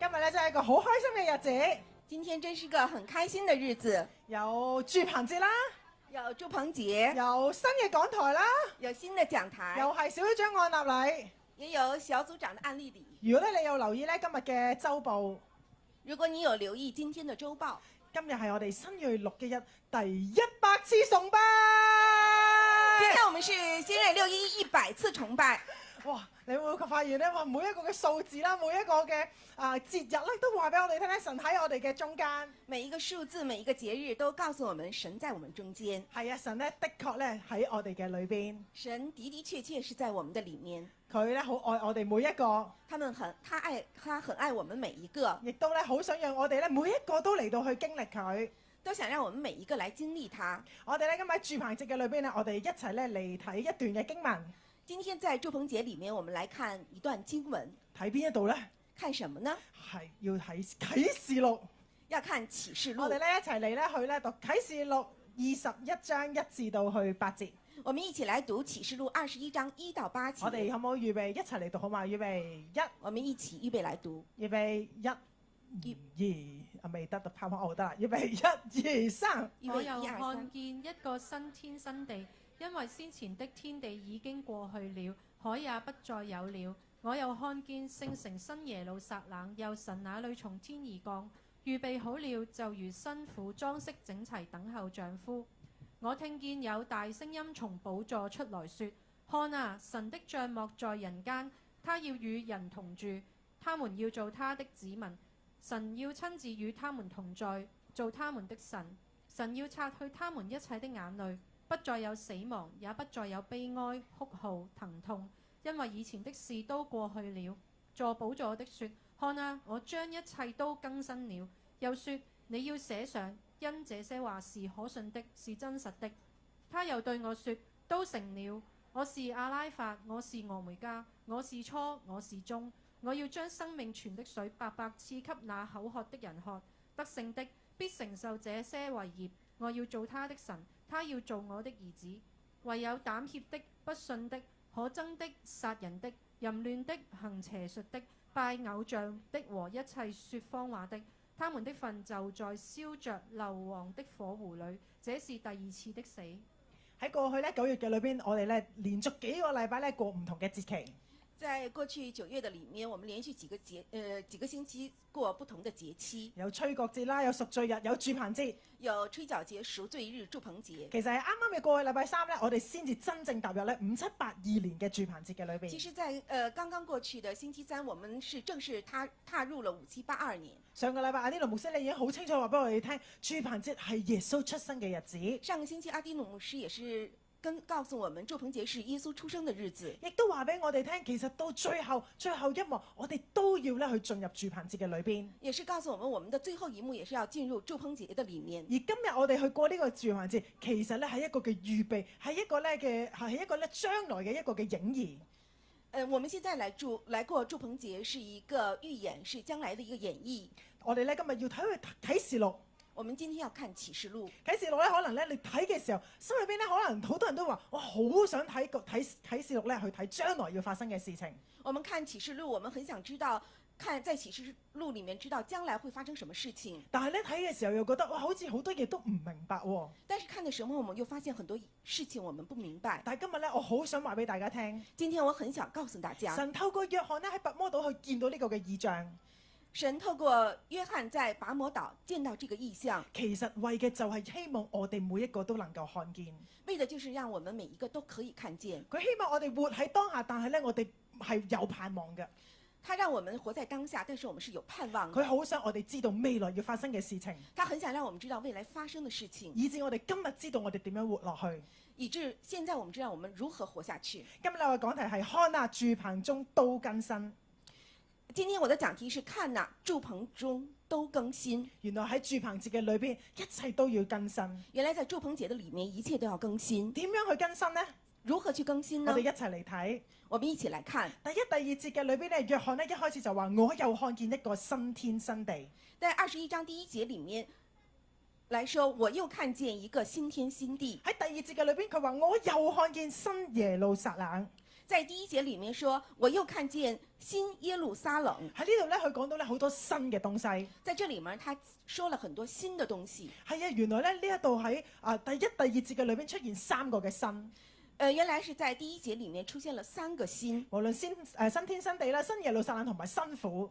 今日咧就係、是、一個好開心嘅日子，今天真是個很開心嘅日子，有住棚節啦，有住棚節，有新嘅講台啦，有新的講台，又係小組長按立禮，也有小組長的按立禮。如果咧你有留意呢今日嘅周報，如果你有留意今天的周報，今日係我哋新銳六一第一百次崇拜，今 天我們是新銳六一一百次崇拜。哇！你會發現咧，話每一個嘅數字啦，每一個嘅啊節日咧，都話俾我哋聽咧，神喺我哋嘅中間。每一個數字、每一個節日都告訴我，我，我們神在我們中間。係啊，神咧的確咧喺我哋嘅裏邊。神的的確確是在我們嘅裡面。佢咧好愛我哋每一個。他們很，他愛，他很愛我們每一個。亦都咧好想讓我哋咧每一個都嚟到去經歷佢。都想讓我們每一個來經歷他。我哋咧今日喺住棚席嘅裏邊咧，我哋一齊咧嚟睇一段嘅經文。今天在住棚節裏面，我們來看一段經文。睇邊一度咧？看什麼呢？係要睇啟示錄，要看啟示錄。我哋咧一齊嚟，咧去咧讀啟示錄二十一章一至到去八節。我們一起來讀啟示錄二十一章一到八節。我哋可唔可以預備一齊嚟讀好嘛？預備一，1，我們一起預備來讀。預備一、二、阿、啊、美得拍拍就拍翻我得啦。預備一、二、三。我又看見一個新天新地。因為先前的天地已經過去了，海也不再有了。我又看見聖城新耶路撒冷，由神那裏從天而降，預備好了，就如新婦裝飾整齊，等候丈夫。我聽見有大聲音從寶座出來說：看啊，神的帳幕在人間，他要與人同住，他們要做他的子民，神要親自與他們同在，做他們的神。神要擦去他們一切的眼淚。不再有死亡，也不再有悲哀、哭嚎、疼痛，因為以前的事都過去了。坐寶座的說：看啊，我將一切都更新了。又說：你要寫上，因這些話是可信的，是真實的。他又對我說：都成了。我是阿拉法，我是俄梅加，我是初，我是終。我要將生命泉的水白白賜給那口渴的人喝。得勝的必承受這些為業。我要做他的神。他要做我的兒子，唯有膽怯的、不信的、可憎的、殺人的、淫亂的、行邪術的、拜偶像的和一切說謊話的，他們的份就在燒着硫磺的火湖裏。這是第二次的死。喺過去呢九月嘅裏面，我哋咧連續幾個禮拜咧過唔同嘅節期。在過去九月的裏面，我們連續幾個節，呃，幾個星期過不同的節期，有吹角節啦，有贖罪日，有住棚節，有吹角節、贖罪日、住棚節。其實係啱啱嘅過去禮拜三咧，我哋先至真正踏入咧五七八二年嘅住棚節嘅裏邊。其實在，在呃剛剛過去的星期三，我們是正式踏踏入了五七八二年。上個禮拜阿迪龍牧師你已經好清楚話俾我哋聽，住棚節係耶穌出生嘅日子。上個星期阿迪龍牧師也是。跟告訴我們，住棚節是耶穌出生的日子，亦都話俾我哋聽，其實到最後最後一幕，我哋都要咧去進入住棚節嘅裏邊。也是告訴我們，我們的最後一幕也是要進入住棚節嘅裏面。而今日我哋去過呢個住棚節，其實咧係一個嘅預備，係一個咧嘅，係一個咧將來嘅一個嘅影兒。誒、呃，我們現在來住來過住棚節，是一個預演，是將來的一個演繹。我哋咧今日要睇睇示錄。我們今天要看啟《啟示錄》。《啟示錄》呢，可能呢，你睇嘅時候，心裏邊呢，可能好多人都話，我好想睇個睇《啟示錄》呢去睇將來要發生嘅事情。我們看《啟示錄》，我們很想知道，看在《啟示錄》裏面知道將來會發生什麼事情。但係呢，睇嘅時候又覺得，哇，好似好多嘢都唔明白喎。但是看嘅時候，我們又發現很多事情我們不明白。但係今日呢，我好想話俾大家聽。今天我很想告訴大家，神透過約翰呢，喺拔摩島去見到呢個嘅異象。神透過約翰在拔摩島見到這個異象，其實為嘅就係希望我哋每一個都能夠看見，為的就是讓我們每一個都可以看見。佢希望我哋活喺當下，但係呢，我哋係有盼望嘅。他讓我們活在當下，但是我們是有盼望的。佢好想我哋知道未來要發生嘅事情，他很想讓我們知道未來發生的事情，以至我哋今日知道我哋點樣活落去，以至現在我們知道我們如何活下去。今日我嘅講題係看啊，住棚中都更新。今天我的講題是看啊，住棚中都更新。原來喺住棚節嘅裏邊，一切都要更新。原來在住棚節嘅裏面，一切都要更新。點樣去更新呢？如何去更新呢？我哋一齊嚟睇。我們一起來看。第一、第二節嘅裏邊咧，約翰咧一開始就話我又看見一個新天新地。在二十一章第一節裏面來說，我又看見一個新天新地。喺第二節嘅裏邊，佢話我又看見新耶路撒冷。在第一節裏面說，我又看見新耶路撒冷。喺呢度咧，佢講到咧好多新嘅東西。在這裏面，他說了很多新嘅東西。係啊，原來咧呢一度喺啊第一、第二節嘅裏面出現三個嘅新。誒，原來是在第一節裏面出現了三個新，無論新誒新天新地啦，新耶路撒冷同埋新婦。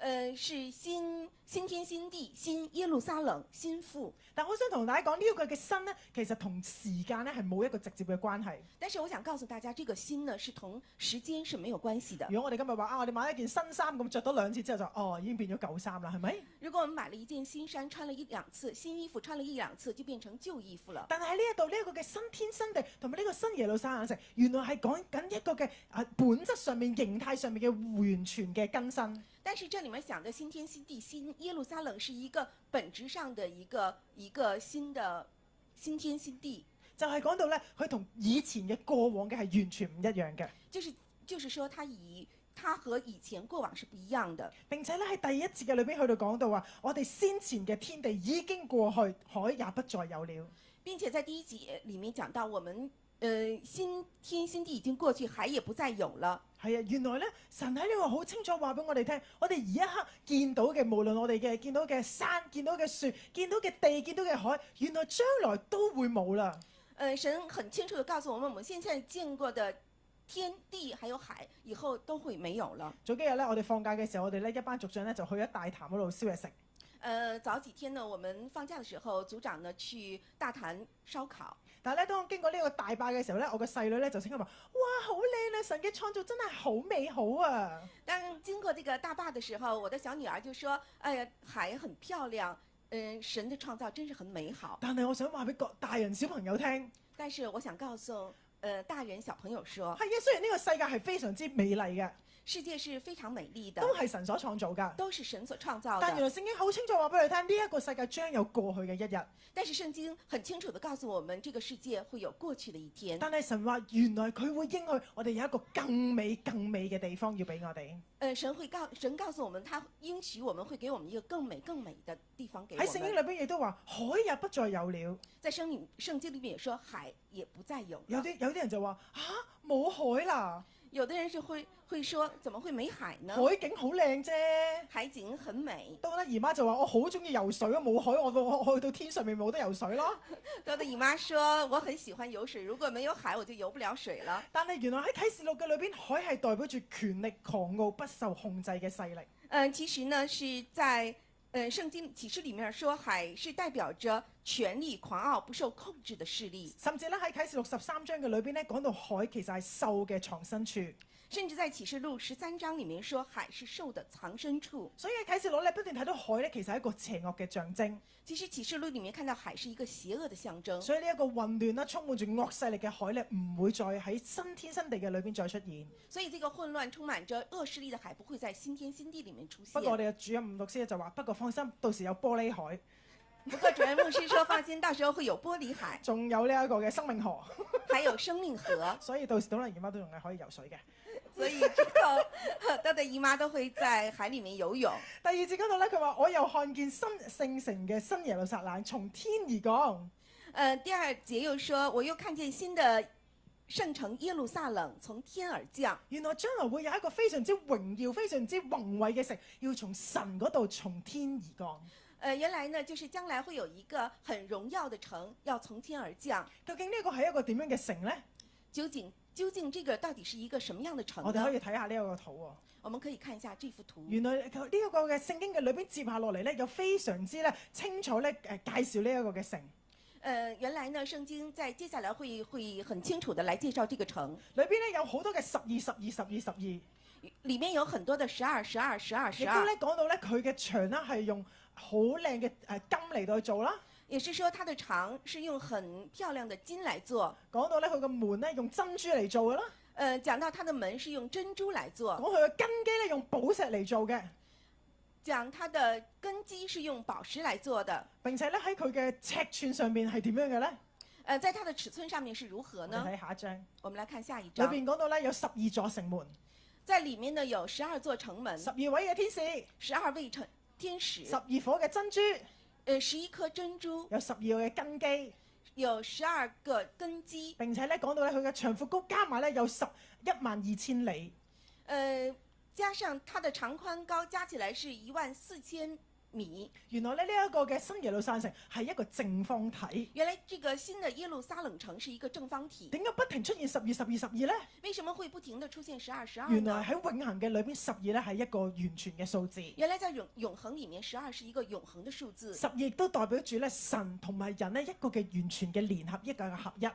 呃是，新、新天新地、新耶路撒冷、新婦。但我想同大家講呢、這個嘅新呢，其實同時間咧係冇一個直接嘅關係。但是我想告訴大家，這個新呢，是同時間是沒有關係的。如果我哋今日話啊，我哋買一件新衫咁着多兩次之後就哦已經變咗舊衫啦，係咪？如果我們買了一件新衫，穿了一兩次，新衣服穿了一兩次就變成舊衣服了。但係呢一度呢個嘅、這個、新天新地同埋呢個新耶路撒冷城，原來係講緊一個嘅啊本質上面、形態上面嘅完全嘅更新。但是這裏面講的新天新地新耶路撒冷是一個本質上的一個一個新的新天新地，就係、是、講到咧佢同以前嘅過往嘅係完全唔一樣嘅。就是就是說它，它以佢和以前過往是不一樣的，並且咧喺第一節嘅裏邊去到講到話，我哋先前嘅天地已經過去，海也不再有了，並且在第一節裏面講到我們。呃，新天新地已經過去，海也不再有了。係啊，原來呢神喺呢度好清楚話俾我哋聽，我哋而一刻見到嘅，無論我哋嘅見到嘅山、見到嘅樹、見到嘅地、見到嘅海，原來將來都會冇了、呃、神很清楚地告訴我們我們現在見過的天地，還有海，以後都會沒有了。早幾日呢，我哋放假嘅時候，我哋呢一班族長呢就去咗大潭嗰度燒嘢食。早幾天呢，我們放假的時候，族長呢，去大，燒、呃、呢，長呢去大潭燒烤。但係咧，當我經過呢個大壩嘅時候咧，我嘅細女咧就醒起話：哇，好靚啦！神嘅創造真係好美好啊！當經過呢個大壩嘅時候，我的小女兒就說：誒，海、啊很，啊呃、很漂亮，嗯、呃，神嘅創造真是很美好。但係我想話俾各大人小朋友聽。但是我想告訴，誒、呃，大人小朋友說：係啊，雖然呢個世界係非常之美麗嘅。世界是非常美麗的，都係神所創造的。都是神所創造的。但原來聖經好清楚話俾你聽，呢、這、一個世界將有過去嘅一日。但是聖經很清楚的告訴我們，這個世界會有過去的一天。但係神話原來佢會應許我哋有一個更美更美嘅地方要俾我哋、呃。神會告神告訴我們，他應許我們會給我們一個更美更美的地方給我們。喺聖經裏邊亦都話海也不再有了。在聖經聖經裏面也說海也不再有。有啲有啲人就話啊，冇海啦，有的人就會。會說，怎麼會沒海呢？海景好靚啫，海景很美。多得姨媽就話，我好中意游水啊！冇海，我到去到天上面冇得游水咯。多得姨媽說，我很喜歡游水，如果沒有海，我就游不了水了。 但係原來喺啟示錄嘅裏邊，海係代表住權力狂傲、不受控制嘅勢力。嗯，其實呢，是在、嗯、聖經啟示裡面說，海是代表着權力狂傲、不受控制的勢力。甚至呢，喺啟示錄十三章嘅裏邊咧，講到海其實係獸嘅藏身處。甚至在啟示錄十三章裏面說海是獸的藏身處，所以啟示錄咧不斷睇到海呢，其實係一個邪惡嘅象徵。其實啟示錄裡面看到海是一個邪惡嘅象徵，所以呢一個混亂啦，充滿住惡勢力嘅海呢，唔會再喺新天新地嘅裏邊再出現。所以呢個混亂充滿着惡勢力嘅海，不會在新天新地裡面出現。不過我哋嘅主任牧師就話：不過放心，到時有玻璃海。不過主任牧師說放心，到時候會有玻璃海。仲有呢一個嘅生命河， 還有生命河。 所以到時到黎姨媽都仲係可以游水嘅。所以知道，我的姨媽都會在海裏面游泳。第二節嗰度呢，佢話，我又看見新聖城嘅新耶路撒冷從天而降。呃，第二節又說，我又看見新的聖城耶路撒冷從天而降。原來將來會有一個非常之榮耀、非常之宏偉嘅城，要從神嗰度從天而降。呃，原來呢，就是將來會有一個很榮耀嘅城，要從天而降。究竟呢個係一個點樣嘅城呢？究竟？究竟這個到底是一個什麼樣的城？我哋可以睇下呢一個圖喎。我們可以看一下這幅圖。原來呢一個嘅聖經嘅裏邊接下落嚟呢，有非常之呢，清楚咧，誒介紹呢一個嘅城。誒、呃，原來呢聖經在接下來會會很清楚地來介紹這個城。裏邊呢，有好多嘅十二、十二、十二、十二，裏面有很多嘅十二、十二、十二、十二。亦都講到呢，佢嘅牆呢係用好靚嘅誒金嚟到做啦。也是說，它的牆是用很漂亮的金來做。講到咧，佢個門咧用珍珠嚟做嘅啦。誒，講到它的門是用珍珠嚟做，、呃、做。講佢嘅根基咧用寶石嚟做嘅。講它的根基是用寶石嚟做嘅。並且咧喺佢嘅尺寸上面係點樣嘅咧？誒、呃，在它的尺寸上面是如何呢？睇下一張，我們來看下一張。裏邊講到咧有十二座城門，在裏面呢有十二座城門。十二位嘅天使，十二位天天使，十二顆嘅珍珠。誒，十一顆珍珠，有十二個根基，有十二個根基，並且咧講到咧佢嘅長闊、高加埋咧有十一萬二千里，誒、呃，加上它的長寬高加起來是一萬四千。米原來咧呢一個嘅新耶路撒冷城係一個正方體。原來呢個新嘅耶路撒冷城是一個正方體。點解不停出現十二、十二、十二呢？為什麼會不停的出現十二、十二？原來喺永恆嘅裏邊，十二咧係一個完全嘅數字。原來在永永恆裡面，十二是一個永恒嘅數字。十二都代表住咧神同埋人咧一個嘅完全嘅聯合，一個嘅合一。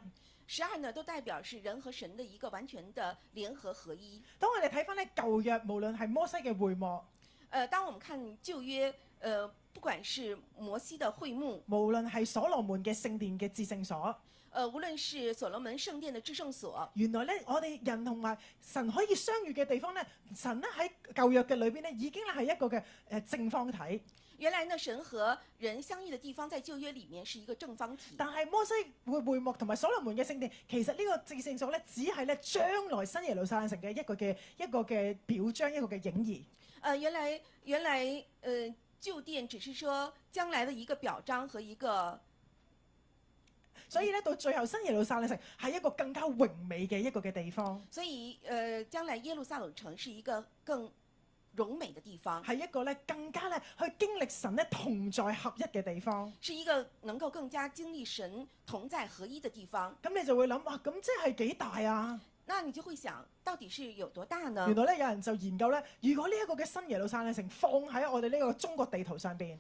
十二呢都代表是人和神嘅一個完全嘅聯合合一。當我哋睇翻咧舊約，無論係摩西嘅會幕，誒、呃，當我們看舊約。呃，不管是摩西的會幕，無論係所羅門嘅聖殿嘅至聖所，呃，無論是所羅門聖殿的至聖所，原來呢，我哋人同埋神可以相遇嘅地方呢，神呢喺舊約嘅裏邊呢，已經係一個嘅誒正方體。原來呢，神和人相遇嘅地方，在舊約裏面是一個正方體。但係摩西會會幕同埋所羅門嘅聖殿，其實呢個至聖所呢，只係呢將來新耶路撒冷城嘅一個嘅一個嘅表彰，一個嘅影兒。誒、呃，原來原來呃舊殿只是說將來的一個表彰，和一個，所以呢、嗯，到最後新耶路撒冷城是一個更加榮美嘅一個嘅地方。所以誒、呃，將來耶路撒冷城是一個更榮美的地方，是一個呢更加呢去經歷神呢同在合一嘅地方。是一個能夠更加經歷神同在合一嘅地方。咁你就會諗哇，咁即係幾大啊？那你就會想到底是有多大呢？原來咧，有人就研究咧，如果呢一個嘅新耶路撒冷城放喺我哋呢個中國地圖上面，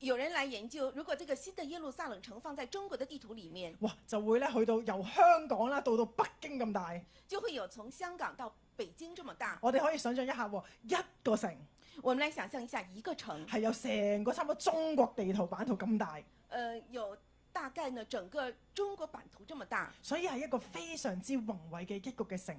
有人來研究，如果這個新的耶路撒冷城放在中國的地圖裏面，哇，就會咧去到由香港啦到到北京咁大，就會有從香港到北京這麼大。我哋可以想像一下喎、哦，一個城，我們來想象一下一個城，係有成個差唔多中國地圖版圖咁大。呃、有。大概呢，整個中國版圖這麼大，所以係一個非常之宏偉嘅一局嘅城，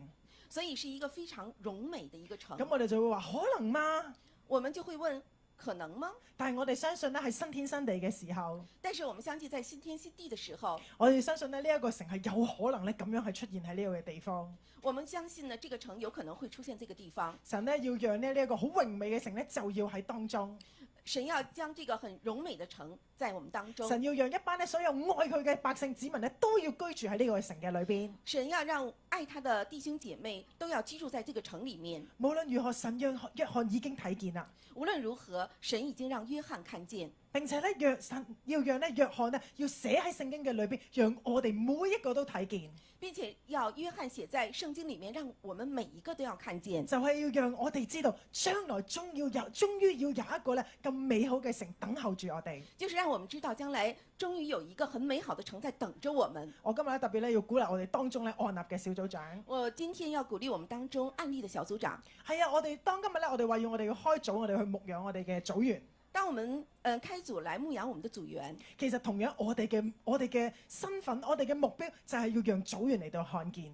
所以是一個非常榮美的一個城。咁我哋就會話，可能嗎？我們就會問，可能嗎？但係我哋相信呢係新天新地嘅時候，但是我們相信在新天新地嘅時候，我哋相信呢呢一個城係有可能呢咁樣去出現喺呢個嘅地方。我們相信呢，這個城有可能會出現這個地方。神呢要讓呢呢一個好榮美嘅城呢，就要喺當中。神要將這個很榮美的城在我們當中，神要讓一班所有愛佢嘅百姓子民都要居住喺呢個城嘅裏邊。神要讓愛他的弟兄姐妹都要居住喺呢個城裏面。無論如何，神讓約翰已經睇見啦。無論如何，神已經讓約翰看見。並且咧，約神要讓咧，約翰咧要寫喺聖經嘅裏邊，讓我哋每一個都睇見，並且要約翰寫在聖經裏面，讓我們每一個都要看見，就係、是、要讓我哋知道將來終要有，終於要有一個咧咁美好嘅城等候住我哋。就是讓我們知道將來終於有一個很美好的城在等着我們。我今日咧特別咧要鼓勵我哋當中咧按立嘅小組長。我今天要鼓勵我們當中按立嘅小組長。係啊，我哋當今日咧，我哋話要我哋要開組，我哋去牧養我哋嘅組員。當我們呃、開組來牧養我們的組員，其實同樣我哋嘅我哋嘅身份，我哋嘅目標就係要讓組員嚟到看見。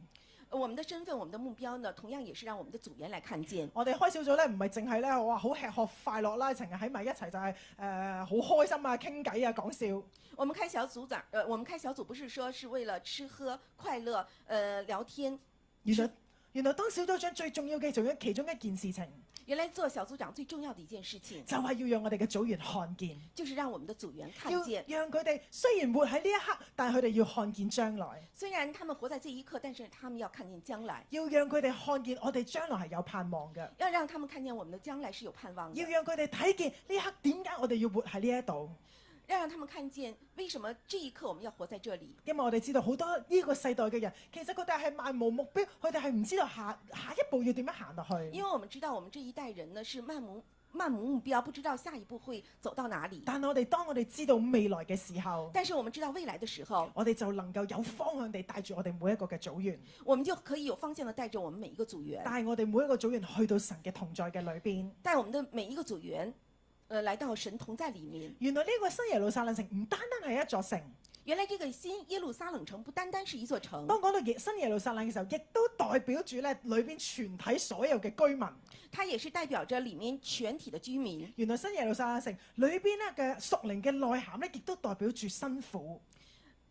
我們的身份，我們的目標呢，同樣也是讓我們的組員來看見。我哋開小組呢，唔係淨係咧，哇好吃喝快樂啦，成日喺埋一齊就係誒好開心啊，傾偈啊，講笑。我們開小組長，誒、呃、我們開小組不是說，係為了吃喝快樂，誒、呃、聊天。原來，原來當小組長最重要嘅做咗其中一件事情。原來做小組長最重要的一件事情，就係、是、要讓我哋嘅組員看見，就是讓我們的組員看見，要讓佢哋雖然活喺呢一刻，但係佢哋要看見將來。雖然他們活在這一刻，但是他們要看見將來。要讓佢哋看見我哋將來係有盼望嘅。要讓他們看見我們的將來是有盼望的。要讓佢哋睇見呢一,一刻，點解我哋要活喺呢一度？要讓他們看見為什麼這一刻我們要活在這裏。因為我哋知道好多呢個世代嘅人，其實佢哋係漫無目標，佢哋係唔知道下下一步要點樣行落去。因為我們知道我們這一代人呢，是漫無漫無目標，不知道下一步會走到哪裏。但係我哋當我哋知道未來嘅時候，但是我哋知道未來嘅時候，我哋就能夠有方向地帶住我哋每一個嘅組員，我們就可以有方向地帶住我哋每一個組員。帶我哋每一個組員去到神嘅同在嘅裏邊，帶我們的每一個組員。呃，來到神同在裏面。原來呢個新耶路撒冷城唔單單係一座城。原來這個新耶路撒冷城不單單是一座城。當講到新耶路撒冷嘅時候，亦都代表住咧裏邊全體所有嘅居民。它也是代表着裏面全體的居民。原來新耶路撒冷城裏邊呢嘅屬靈嘅內涵呢，亦都代表住新婦。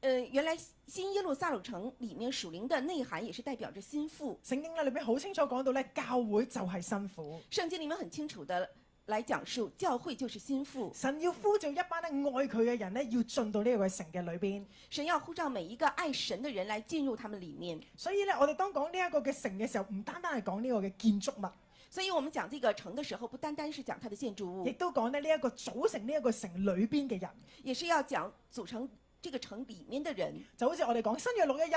呃，原來新耶路撒冷城裏面屬靈的內涵也是代表着新婦。聖經咧裏邊好清楚講到咧，教會就係新婦。聖經裏面很清楚的。來講述教會就是新婦，神要呼召一班呢愛佢嘅人呢要進到呢個城嘅裏邊。神要呼召每一個愛神嘅人來進入他們裏面。所以呢，我哋當講呢一個嘅城嘅時候，唔單單係講呢個嘅建築物。所以我們講這個城的時候，不單單是講它的建築物，亦都講呢呢一個組成呢一個城裏邊嘅人，也是要講組成這個城裏面的人。就好似我哋講新約六一一。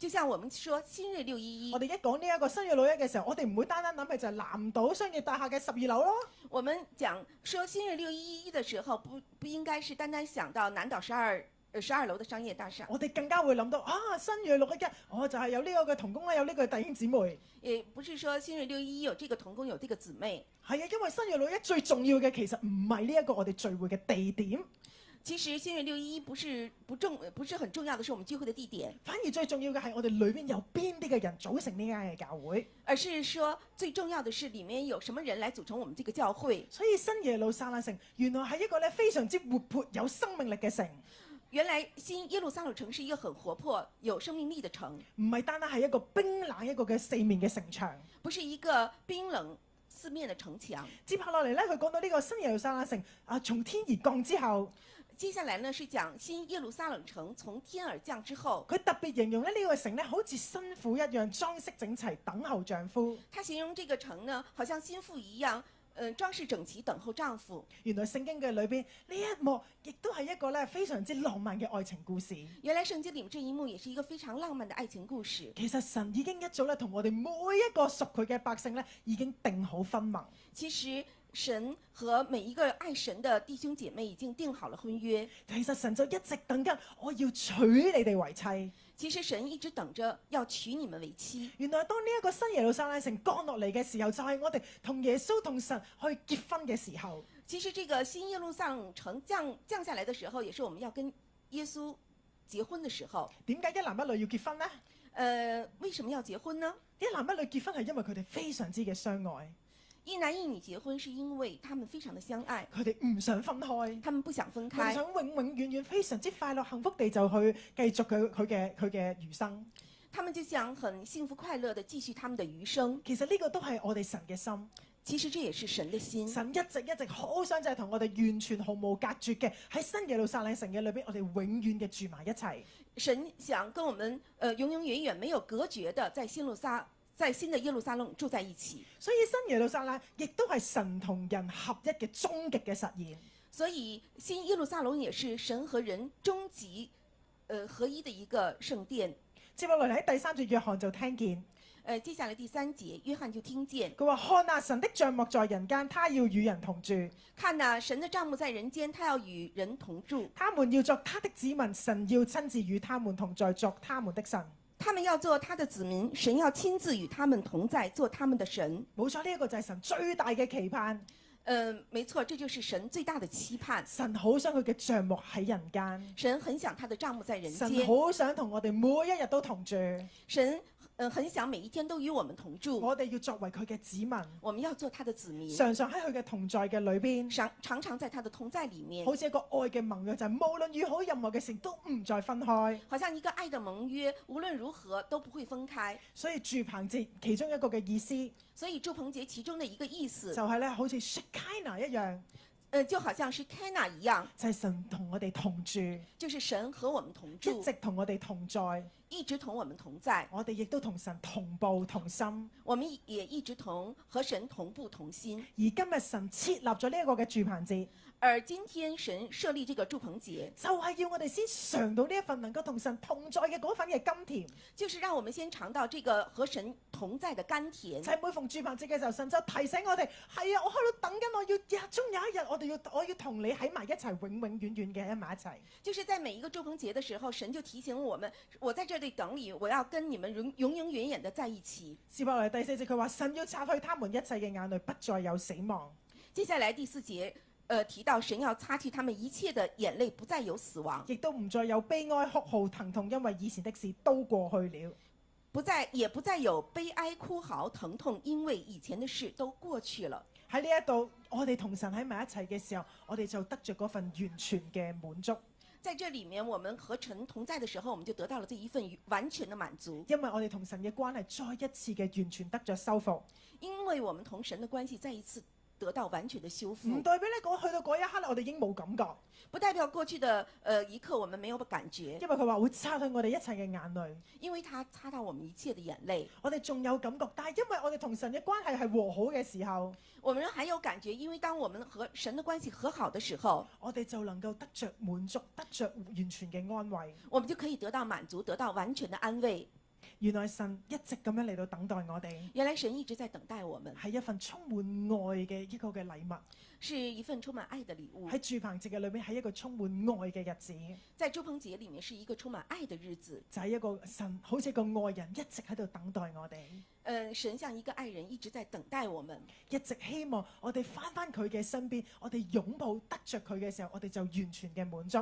就像我們說，新，日611，我們說、這個、新月六一一，我哋一講呢一個新月六一嘅時候，我哋唔會單單諗嘅就係南島商業大廈嘅十二樓咯。我們講說新月六一一嘅時候，不不應該是單單想到南島十二十二樓嘅商業大廈。我哋更加會諗到啊，新月六一嘅，我就係、是、有呢一個同工咧，有呢個弟兄姊妹。誒，不是說新月六一一有這個同工有這個姊妹。係啊，因為新月六一最重要嘅其實唔係呢一個我哋聚會嘅地點。其實，新月六一不是不重，不是很重要的是我們聚會的地點。反而最重要嘅係我哋裏面有邊啲嘅人組成呢間嘅教會。而是說，最重要的是裏面有什麼人來組成我們這個教會。所以新耶路撒冷城原來係一個咧非常之活潑有生命力嘅城。原來新耶路撒冷城是一個很活潑有生命力的城。唔係單單係一個冰冷一個嘅四面嘅城牆。不是一個冰冷四面嘅城牆。接下落嚟咧，佢講到呢個新耶路撒冷城啊，從天而降之後。接下來呢，是講新耶路撒冷城從天而降之後，佢特別形容呢、這個城呢，好似新婦一樣，裝飾整齊，等候丈夫。他形容這個城呢，好像新婦一樣，嗯、呃，裝飾整齊，等候丈夫。原來聖經嘅裏邊呢一幕，亦都係一個呢非常之浪漫嘅愛情故事。原來聖經裏面這一幕也是一個非常浪漫的愛情故事。其實神已經一早呢，同我哋每一個屬佢嘅百姓呢，已經定好分盟。其實。神和每一個愛神的弟兄姐妹已經定好了婚約。其實神就一直等緊，我要娶你哋為妻。其實神一直等着要娶你們為妻。原來當呢一個新耶路撒冷城降落嚟嘅時候，就係、是、我哋同耶穌同神去結婚嘅時候。其實這個新耶路撒冷城降降下來的時候，也是我們要跟耶穌結婚的時候。點解一男一女要結婚呢？誒、呃，為什麼要結婚呢？一男一女結婚係因為佢哋非常之嘅相愛。一男一女結婚是因為他們非常的相愛，佢哋唔想分開，他們不想分開，他們不想永永遠遠非常之快樂幸福地就去繼續佢佢嘅佢嘅餘生，他們就想很幸福快樂地繼續他們的餘生。其實呢個都係我哋神嘅心，其實這也是神的心。神一直一直好想就係同我哋完全毫無隔絕嘅，喺新耶路撒冷城嘅裏邊，我哋永遠嘅住埋一齊。神想跟我們，呃，永永遠遠沒有隔絕的，在新耶路撒。在新的耶路撒冷住在一起，所以新耶路撒冷亦都係神同人合一嘅終極嘅實現。所以新耶路撒冷也是神和人終極，誒、呃、合一嘅一個聖殿。接落嚟睇第三節，約翰就聽見。誒，接下來第三節，約翰就聽見佢話、呃：看啊，神的帳幕在人間，他要與人同住。看啊，神的帳幕在人間，他要與人同住。他們要作他的子民，神要親自與他們同在，作他們的神。他們要做他的子民，神要親自與他們同在，做他們的神。冇錯，呢個就係神最大嘅期盼。嗯，沒錯，這就是神最大的期盼。神好想佢嘅帳幕喺人間。神很想他的帳幕在人間。神好想同我哋每一日都同住。神。嗯，很想每一天都與我們同住。我哋要作為佢嘅子民，我們要做他的子民。常常喺佢嘅同在嘅裏面，常常在他的同在裏面，好似一個愛嘅盟約，就係無論遇好任何嘅事都唔再分開。好像一個愛的盟約，無論如何都不會分開。所以住棚節其中一個嘅意思，所以住棚節其中的一個意思，就係、是、咧好似 Shikina 一樣。呃，就好像是天那一樣，就係、是、神同我哋同住，就是神和我們同住，一直同我哋同在，一直同我們同在，我哋亦都同神同步同心，我們也一直同和神同步同心。而今日神設立咗呢一個嘅住棚節。而今天神設立這個住棚節，就係、是、要我哋先嘗到呢一份能夠同神同在嘅嗰份嘅甘甜，就是讓我們先嘗到這個和神同在嘅甘甜。就係、是就是、每逢住棚節嘅時候，神就提醒我哋，係啊，我喺度等緊，我要終有一日，我哋要我要同你喺埋一齊，永永遠遠嘅喺埋一齊。就是在每一個住棚節嘅時候，神就提醒我們，我在這裏等你，我要跟你們永永永遠遠的在一起。詩伯來第四節佢話，他說神要擦去他們一切嘅眼淚，不再有死亡。接下來第四節。呃，提到神要擦去他們一切的眼淚，不再有死亡，亦都唔再有悲哀、哭號、疼痛，因為以前的事都過去了。不再，也不再有悲哀、哭嚎、疼痛，因為以前的事都過去了。喺呢一度，我哋同神喺埋一齊嘅時候，我哋就得着嗰份完全嘅滿足。在這裏面，我們和神同在嘅時候，我們就得到了這一份完全的滿足。因為我哋同神嘅關係再一次嘅完全得着修復。因為我們同神嘅關係再一次。得到完全的修復，唔代表你過去到嗰一刻，我哋已經冇感覺。不代表過去的，呃一刻，我們沒有感覺。因為佢話會擦去我哋一切嘅眼淚，因為他擦到我們一切的眼淚。我哋仲有感覺，但係因為我哋同神嘅關係係和好嘅時候，我們還有感覺，因為當我們和神嘅關係和好的時候，我哋就能夠得着滿足，得着完全嘅安慰。我們就可以得到滿足，得到完全的安慰。原來神一直咁樣嚟到等待我哋。原來神一直在等待我們，係一份充滿愛嘅一個嘅禮物。是一份充滿愛嘅禮物。喺住棚節嘅裏面，喺一個充滿愛嘅日子。在住棚節裏面是一個充滿愛嘅日子，就係、是、一個神好似個愛人一直喺度等待我哋，呃。神像一個愛人一直在等待我們，一直希望我哋返返佢嘅身邊，我哋擁抱得着佢嘅時候，我哋就完全嘅滿足。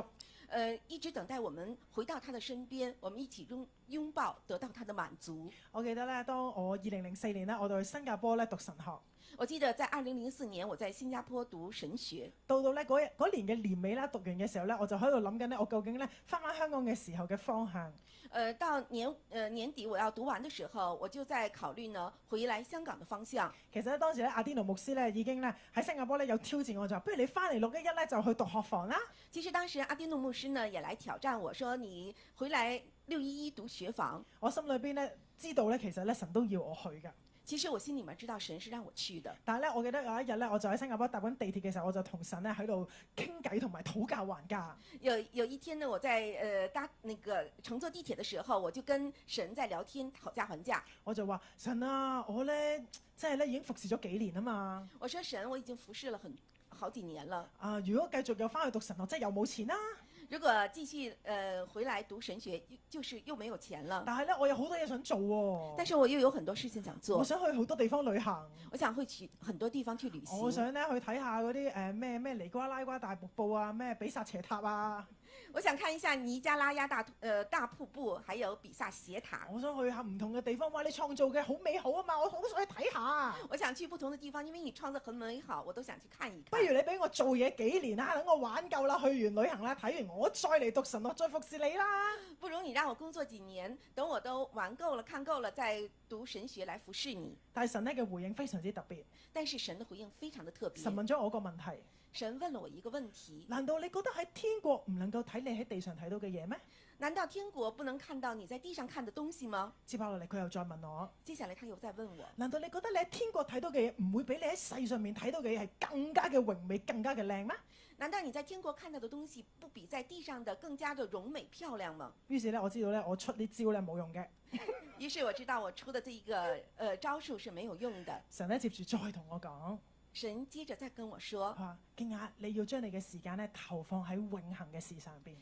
呃，一直等待我們回到他的身邊，我們一起擁擁抱，得到他的滿足。我記得咧，當我二零零四年咧，我到去新加坡咧讀神學。我記得在二零零四年我在新加坡讀神學，到到呢嗰年嘅年尾啦，讀完嘅時候呢，我就喺度諗緊呢，我究竟呢翻返香港嘅時候嘅方向。呃到年呃年底我要讀完嘅時候，我就在考慮呢，回來香港嘅方向。其實呢當時呢阿迪奴牧師呢已經呢喺新加坡呢有挑戰我，就話不如你翻嚟六一一呢，就去讀學房啦。其實當時阿迪奴牧師呢也來挑戰我，說你回來六一一讀學房。我心裏邊呢，知道呢，其實呢，神都要我去噶。其實我心裏面知道神是讓我去的，但係咧，我記得有一日咧，我就喺新加坡搭緊地鐵嘅時候，我就同神咧喺度傾偈同埋討價還價。有有一天呢，我在，呃、搭那個乘坐地鐵的時候，我就跟神在聊天討價還價。我就話神啊，我咧即係咧已經服侍咗幾年啊嘛。我說神，我已經服侍了很好幾年了。啊，如果繼續又翻去讀神學，即係又冇錢啦、啊。如果繼續，呃，回來讀神學，又就是又沒有錢了。但是呢，我有好多嘢想做喎、哦。但是我又有很多事情想做。我想去好多地方旅行。我想去去很多地方去旅行。我想呢去睇下嗰啲，誒、呃，咩咩尼瓜拉瓜大瀑布啊，咩比薩斜塔啊。我想看一下尼加拉亞大、呃，大瀑布，還有比薩斜塔。我想去下唔同嘅地方，話你創造嘅好美好啊嘛，我好想去睇下。我想去不同的地方，因為你創造很美好，我都想去看一看。不如你俾我做嘢幾年啦、啊，等我玩夠啦，去完旅行啦，睇完我再嚟讀神學，我再服侍你啦。不如你讓我工作幾年，等我都玩夠了、看夠了，再讀神學來服侍你。但係神呢嘅回應非常之特別，但是神嘅回應非常的特別。神問咗我個問題。神問了我一個問題：難道你覺得喺天國唔能夠睇你喺地上睇到嘅嘢咩？難道天國不能看到你在地上看的東西嗎？接落嚟佢又再問我：接下來他又再問我：難道你覺得你喺天國睇到嘅嘢唔會比你喺世上面睇到嘅嘢係更加嘅榮美、更加嘅靚咩？難道你在天國看到嘅東西不比在地上的更加嘅榮美漂亮嗎？於是呢，我知道咧我出呢招咧冇用嘅。 於是我知道我出的這一個，呃，招數是沒有用的。 神咧接住再同我講。神接着再跟我說，靜雅，你要將你嘅時間咧投放喺永恒嘅事上邊。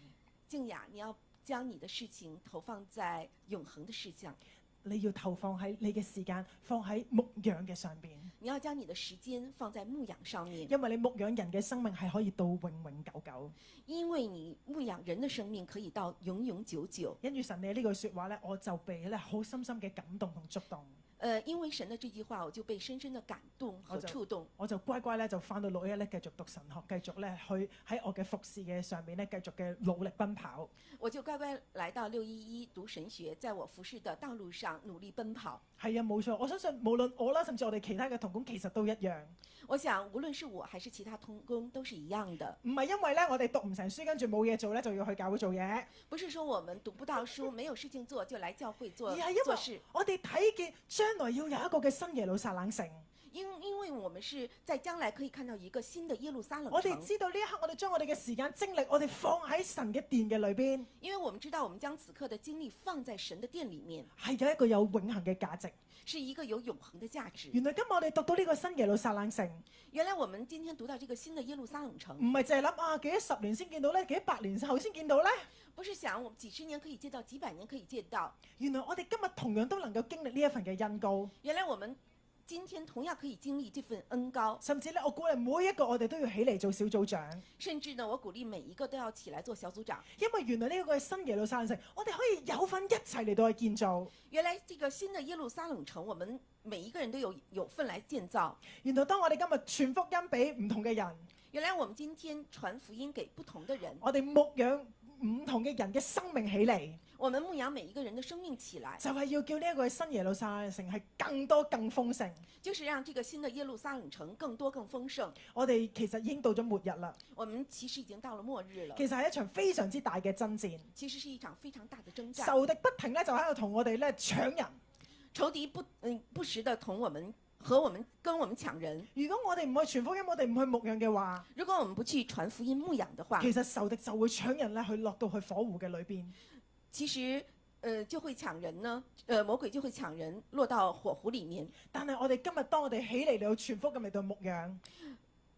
靜雅，你要將你的事情投放在永恒的事上。你要投放喺你嘅時間，放喺牧養嘅上邊。你要將你的時間放在牧養上面。因為你牧養人嘅生命係可以到永永久久。因為你牧養人的生命可以到永永久久。因住神你呢句說話咧，我就俾咧好深深嘅感動同觸動。呃因為神的這句話，我就被深深的感動和觸動我。我就乖乖咧就返到六一一咧繼續讀神學，繼續咧去在我嘅服事嘅上面咧繼續嘅努力奔跑。我就乖乖來到六一一讀神學，在我服事的道路上努力奔跑。係啊，冇錯。我相信無論我啦，甚至我哋其他嘅同工，其實都一樣。我想無論是我還是其他同工，都是一樣的。唔係因為咧，我哋讀唔成書，跟住冇嘢做咧，就要去教會做嘢。不是說我們讀不到書，沒有事情做， 就來教會做做事。而係因為我哋睇見將來要有一個嘅新耶路撒冷城。因因為我們是在將來可以看到一個新的耶路撒冷城。我哋知道呢一刻，我哋將我哋嘅時間精力，我哋放喺神嘅殿嘅裏邊。因為我們知道，我們將此刻嘅精力放在神嘅殿裏面，係有一個有永恆嘅價值，是一個有永恆嘅價值。原來今日我哋讀到呢個新耶路撒冷城。原來我們今天讀到這個新的耶路撒冷城，唔係淨係諗啊，幾多十年先見到呢，幾百年後先見到呢？不是想我們幾十年可以見到，幾百年可以見到。原來我哋今日同樣都能夠經歷呢一份嘅恩膏。原來我們。今天同樣可以經歷這份恩膏，甚至呢，我鼓勵每一個我哋都要起嚟做小組長。甚至呢，我鼓勵每一個都要起來做小組長，因為原來呢個係新耶路撒冷城，我哋可以有份一齊嚟到去建造。原來這個新的耶路撒冷城，我們每一個人都有有份來建造。原來當我哋今日傳福音俾唔同嘅人，原來我們今天傳福音給不同嘅人，我哋牧養唔同嘅人嘅生命起嚟。我們牧養每一個人的生命起來，就係、是、要叫呢一個新耶路撒冷城係更多更豐盛。就是讓這個新的耶路撒冷城更多更豐盛。我哋其實已經到咗末日啦。我們其實已經到了末日了。其實係一場非常之大嘅爭戰。其實是一場非常大的爭戰。仇敵不停咧就喺度同我哋咧搶人。仇敵不嗯不時地同我們和我們跟我們搶人。如果我哋唔去傳福音，我哋唔去牧養嘅話，如果我們不去傳福音牧養的話，其實仇敵就會搶人咧去落到去火湖嘅裏邊。其實，呃，就會搶人呢。呃，魔鬼就會搶人，落到火湖裏面。但係我哋今日當我哋起嚟了全福嘅味道牧養。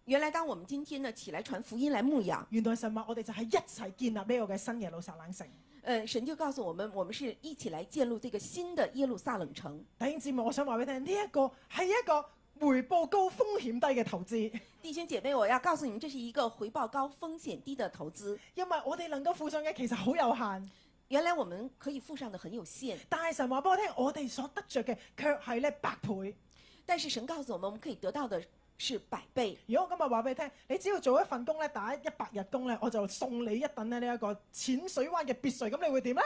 原來當我們今天呢起來傳福音來牧養，原來神話我哋就係一齊建立呢個嘅新耶路撒冷城。呃，神就告訴我們，我們是一起來建立這個新的耶路撒冷城。弟兄姐妹，我想話俾你聽，呢一個係一個回報高、風險低嘅投資。弟兄姐妹，我要告訴你們，這是一個回報高、風險低嘅投資。因為我哋能夠付上嘅其實好有限。原來我們可以付上的很有限，但神話俾我聽，我哋所得着嘅卻係咧百倍。但是神告訴我們，我們可以得到的是百倍。如果我今日話俾你聽，你只要做一份工咧，打一百日工咧，我就送你一等呢。呢、這、一個淺水灣嘅別墅，咁你會點咧？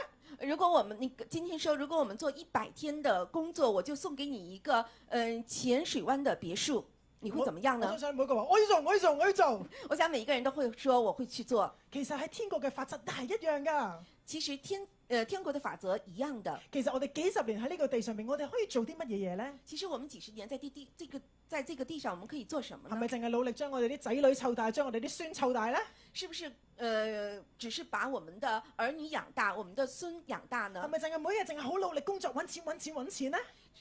如果我們你今天說，如果我們做一百天嘅工作，我就送給你一個，嗯、呃，淺水灣嘅別墅，你會怎麼樣呢？我,我,想每個人我要做，我要做，我要做。 我想每一個人都會說，我會去做。其實喺天國嘅法則都係一樣噶。其實天，呃天國的法則一樣的。其實我哋幾十年喺呢個地上面，我哋可以做啲乜嘢嘢咧？其實我們幾十年在地地，這個，在這個地上，我們可以做什麼呢？係咪淨係努力將我哋啲仔女湊大，將我哋啲孫湊大咧？是不是，呃，只是把我們的兒女養大，我們的孫養大呢？係咪淨係每日淨係好努力工作揾錢揾錢揾錢呢？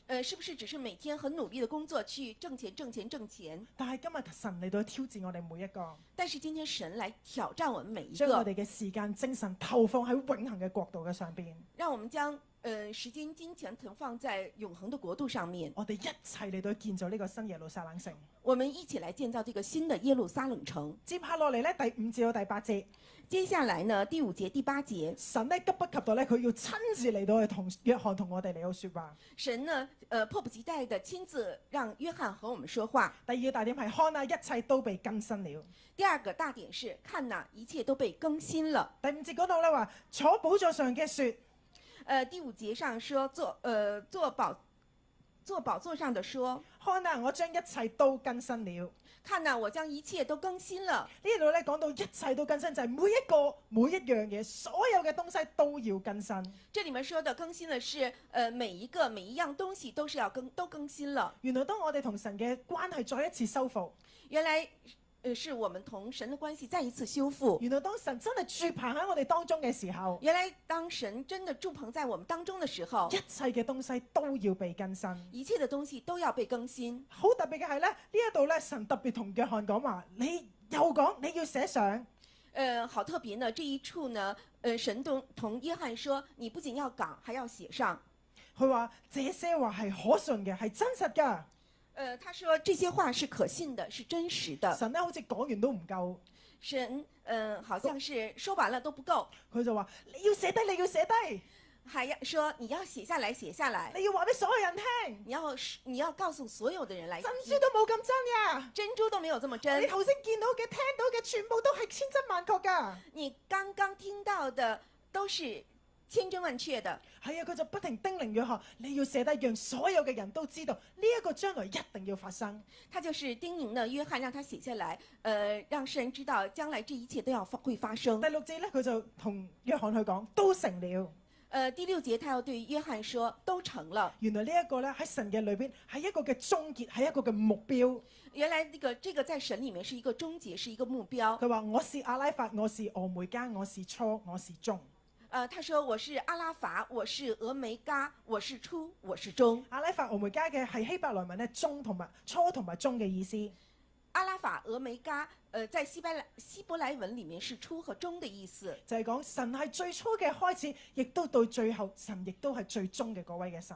呃，是不是只是每天很努力的工作去掙錢掙錢掙錢？但係今日神嚟到挑戰我哋每一個。但是今天神來挑戰我們每一個。將我哋嘅時間精神投放喺永恆嘅國度嘅上邊。讓我們將。呃、嗯，時間金錢存放在永恒的國度上面。我哋一齊嚟到建造呢個新耶路撒冷城。我們一起來建造這個新的耶路撒冷城。接下落嚟呢，第五至到第八節。接下來呢，第五節第八節，神呢，急不及待呢，佢要親自嚟到去同約翰同我哋嚟到說話。神呢，呃，迫不及待的親自讓約翰和我們說話。第二個大點係看啊，一切都被更新了。第二個大點是看啊，一切都被更新了。第五節嗰度呢，話坐寶座上嘅說。誒、呃、第五節上說坐，誒坐寶坐寶座上的說，看啊，我將一切都更新了，看啊，我將一切都更新了。呢度咧講到一切都更新就係、是、每一個每一樣嘢，所有嘅東西都要更新。這裡面說的更新係指誒每一個每一樣東西都是要更都更新了。原來當我哋同神嘅關係再一次修復，原來。呃，是我們同神的關係再一次修復。原來當神真係住棚喺我哋當中嘅時候，原來當神真的住棚在我們當中的時候，一切嘅東西都要被更新，一切嘅東西都要被更新。特的是特呃、好特別嘅係呢，呢一度呢，神特別同約翰講話，你又講你要寫上。呃好特別呢，這一處呢，呃、神都同約翰說，你不僅要講，還要寫上。佢話這些話係可信嘅，係真實噶。呃，他說這些話是可信的，是真實的。神呢，好似講完都唔夠。神，嗯、呃，好像是說完了都不夠。佢就話：你要寫低，你要寫低，係呀，說你要寫下來，寫下來，你要話俾所有人聽，你要你要告訴所有的人來。珍珠都冇咁真呀，珍珠都沒有這麼真。你頭先見到嘅、聽到嘅，全部都係千真萬確噶。你剛剛聽到的，聽到的都是的。千真萬確的，係啊！佢就不停叮嚀約翰，你要寫低，讓所有嘅人都知道呢一、這個將來一定要發生。他就是叮嚀呢，約翰讓他寫下來，誒、呃，讓世人知道將來這一切都要發會發生。第六節呢，佢就同約翰去講都成了。誒、呃，第六節，他要對約翰說都成了。原來呢一個呢，喺神嘅裏邊係一個嘅終結，係一個嘅目標。原來呢、這個這個在神裏面是一個終結，是一個目標。佢話：我是阿拉法，我是俄梅戛，我是初，我是終。呃、啊，他說我是阿拉法，我是俄梅加，我是初，我是終。」阿拉法俄梅加嘅係希伯來文咧，終同埋初同埋終嘅意思。阿拉法俄梅加呃，在希伯來希伯來文裏面是初和終嘅意、呃、意思。就係、是、講神係最初嘅開始，亦都到最後，神亦都係最終嘅嗰位嘅神。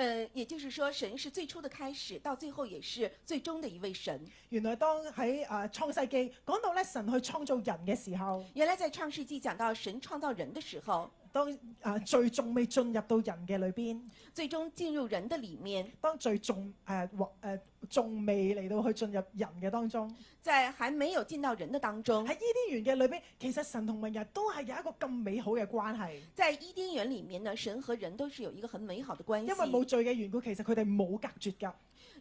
呃、嗯、也就是說神是最初的開始，到最後也是最終的一位神。原來當在啊、創世紀講到咧，神去創造人嘅時候，原來在創世紀講到神創造人嘅時候。當啊罪仲未進入到人嘅裏邊，最終進入人的裡面。當罪仲誒或誒仲未嚟到去進入人嘅當中，在還沒有進到人嘅當中，喺伊甸園嘅裏邊，其實神同人日都係有一個咁美好嘅關係。在伊甸園裡面呢，神和人都是有一個很美好的關係。因為冇罪嘅緣故，其實佢哋冇隔絕㗎。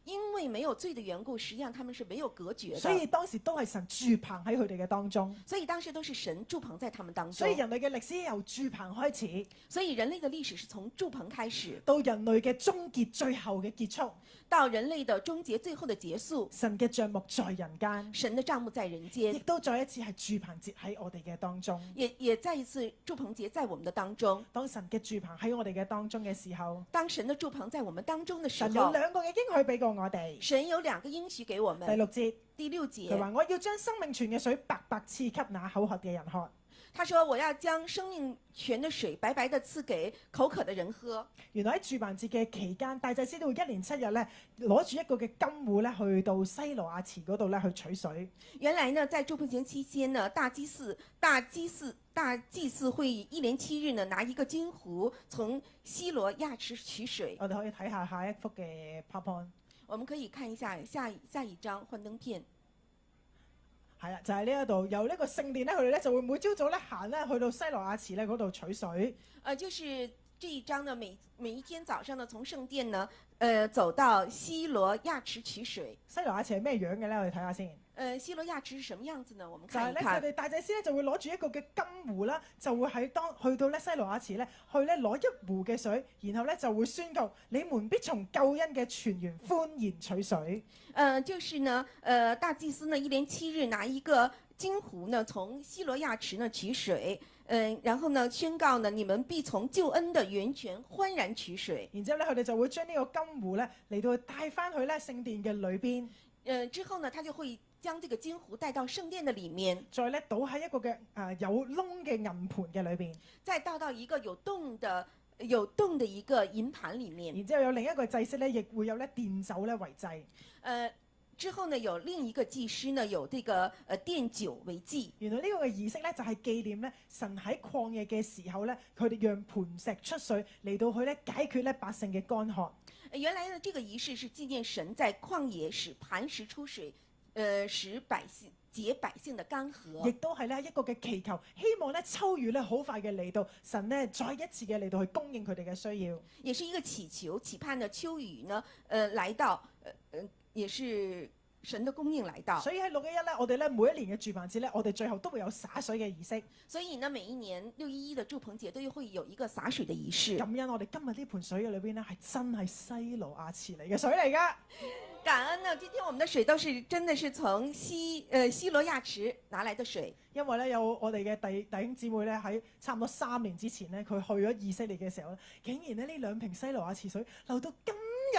因為沒有罪的緣故，實際上他們是沒有隔絕的。所以當時都是神住棚在他們的當中。所以當時都是神住棚在他們當中。所以人類的歷史由住棚開始。所以人類的歷史是從住棚開始到人類的終結最後的結束。到人類的終結，最後的結束。神嘅賬目在人間，神的賬目在人間，亦都再一次係住棚節喺我哋嘅當中。也也再一次住棚節在我們的當中。當神嘅住棚喺我哋嘅當中嘅時候，當神嘅住棚喺我們當中嘅時，時候，神有兩個嘅應許俾過我哋。神有兩個應許俾我哋。第六節，第六節，佢話我要將生命泉嘅水白白賜給那口渴嘅人喝。他說：“我要將生命泉的水白白地賜給口渴的人喝。”原來喺祝曼節嘅期間，大祭司都會一年七日呢，拿住一個嘅金壺呢，去到西羅亞池嗰度呢，去取水。原來呢，在祝曼節期間呢，大祭司、大祭司、大祭司會一連七日呢，拿一個金壺從西羅亞池取水。我哋可以睇下下一幅嘅拍 o 我們可以看一下下，下一下一張幻燈片。係啦、 啊，就喺呢一度由呢個聖殿咧，佢哋咧就會每朝早咧行咧去到西羅亞池咧嗰度取水。誒、呃，就是這一章呢，每每一天早上呢，從聖殿呢，誒、呃、走到西羅亞池取水。西羅亞池係咩樣嘅咧？我哋睇下先。呃，西羅亞池是什麼樣子呢？我們看係哋、就是呃、大祭司就會攞住一個嘅金壺啦，就會喺當去到咧希羅亞池咧，去咧攞一壺嘅水，然後咧就會宣告你們必從救恩嘅泉源歡然取水。誒、呃，就是呢，呃大祭司呢一連七日拿一個金壺呢，從西羅亞池呢取水，嗯、呃，然後呢宣告呢你們必從救恩的源泉歡然取水。然之後咧，佢哋就會將呢個金壺咧嚟到帶翻去咧聖殿嘅裏邊，誒、呃、之後呢，他就會將這個金壺帶到聖殿的裡面，再咧倒喺一個嘅啊、呃、有窿嘅銀盤嘅裏邊，再倒到一個有洞的有洞嘅一個銀盤裡面。然之後有另一個祭司呢，亦會有呢奠酒咧為祭。呃，之後呢有另一個祭司呢有這個呃奠酒為祭。原來呢個嘅儀式呢，就係、是、紀念咧神喺曠野嘅時候呢，佢哋讓磐石出水嚟到去呢，解決呢百姓嘅乾渴、呃。原來呢這個儀式是紀念神在曠野使磐石出水。呃使百姓解百姓的乾涸，亦都係一個嘅祈求，希望秋雨呢好快嘅嚟到，神再一次嘅嚟到去供應佢哋嘅需要，也是一個祈求，期盼呢秋雨呢，誒、嚟到、呃，也是。神的供應來到，所以喺六一一咧，我哋咧每一年嘅住棚節呢，我哋最後都會有灑水嘅儀式。所以呢，每一年六一一的住棚節都會有一個灑水的儀式。感恩我哋今日呢盆水嘅裏面，咧，係真係西羅亞池嚟嘅水嚟噶。感恩啊！今天我們的水都是真的是從西誒、呃、西羅亞池拿來的水。因為呢，有我哋嘅弟弟兄姊妹呢，喺差唔多三年之前呢，佢去咗以色列嘅時候咧，竟然咧呢這兩瓶西羅亞池水流到今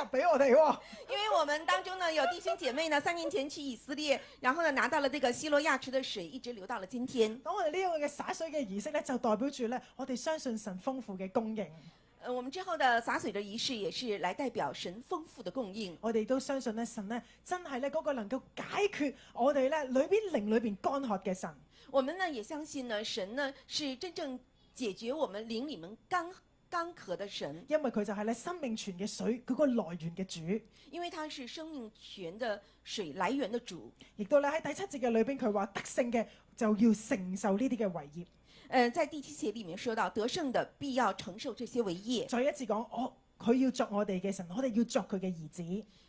俾我哋喎、哦， 因為我們當中呢有弟兄姐妹呢，三年前去以色列，然後呢拿到了這個西羅亞池的水，一直流到了今天。咁我哋呢個嘅灑水嘅儀式呢，就代表住呢，我哋相信神豐富嘅供應。誒、呃，我們之後的灑水嘅儀式，也是來代表神豐富的供應。我哋都相信呢，神呢，真係呢，嗰個能夠解決我哋呢裏邊靈裏邊乾渴嘅神。我們呢也相信呢神呢是真正解決我們靈裏面乾。乾渴的神，因為佢就係咧生命泉嘅水，佢個來源嘅主。因為它是生命泉的水來源的主，亦都咧喺第七節嘅裏邊佢話得勝嘅就要承受呢啲嘅遺業。誒，在第七節裏面，說、呃、裏面說到得勝的必要承受這些遺業。再一次講，我、哦、佢要作我哋嘅神，我哋要作佢嘅兒子。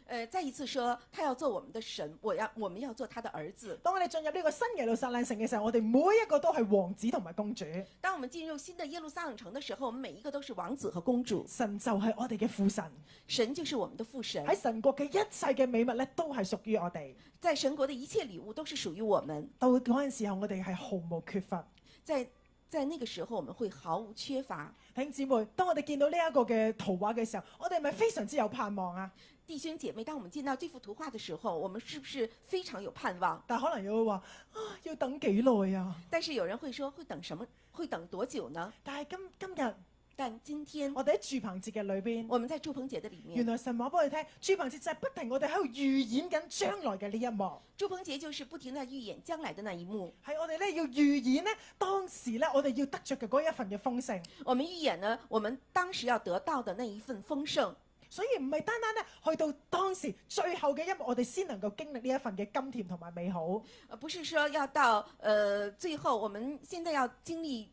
呃，再一次說，他要做我們的神，我要，我們要做他的兒子。當我哋進入呢個新耶路撒冷城嘅時候，我哋每一個都是王子同埋公主。當我們進入新的耶路撒冷城的時候，我們每一個都是王子和公主。神就是我哋嘅父神，神就是我們的父神。喺神國嘅一切嘅美物呢都係屬於我哋。在神國的一切禮物都是屬於我們。到嗰陣時候，我哋係毫無缺乏。在在那個時候，我們會毫無缺乏。兄姊妹，當我哋見到呢一個嘅圖畫嘅時候，我哋係咪非常之有盼望啊！弟兄姐妹，當我們見到這幅圖畫的時候，我們是不是非常有盼望？但可能有人話啊、哦，要等幾耐啊？但是有人會說，會等什麼？會等多久呢？但係今今日，但今天，我哋喺住棚節嘅裏邊，我們在住棚節的裏面，原來神話俾我哋聽，住棚節就係不停我哋喺度預演緊將來嘅呢一幕。住棚節就是不停地預的不停地預演將來的那一幕。係我哋呢，要預演呢，當時呢我哋要得着嘅嗰一份嘅豐盛。我們預演呢，我們當時要得到的那一份豐盛。所以唔係單單呢去到當時最後嘅一幕，我哋先能夠經歷呢一份嘅甘甜同埋美好。不是說要到，呃，最後，我們現在要經歷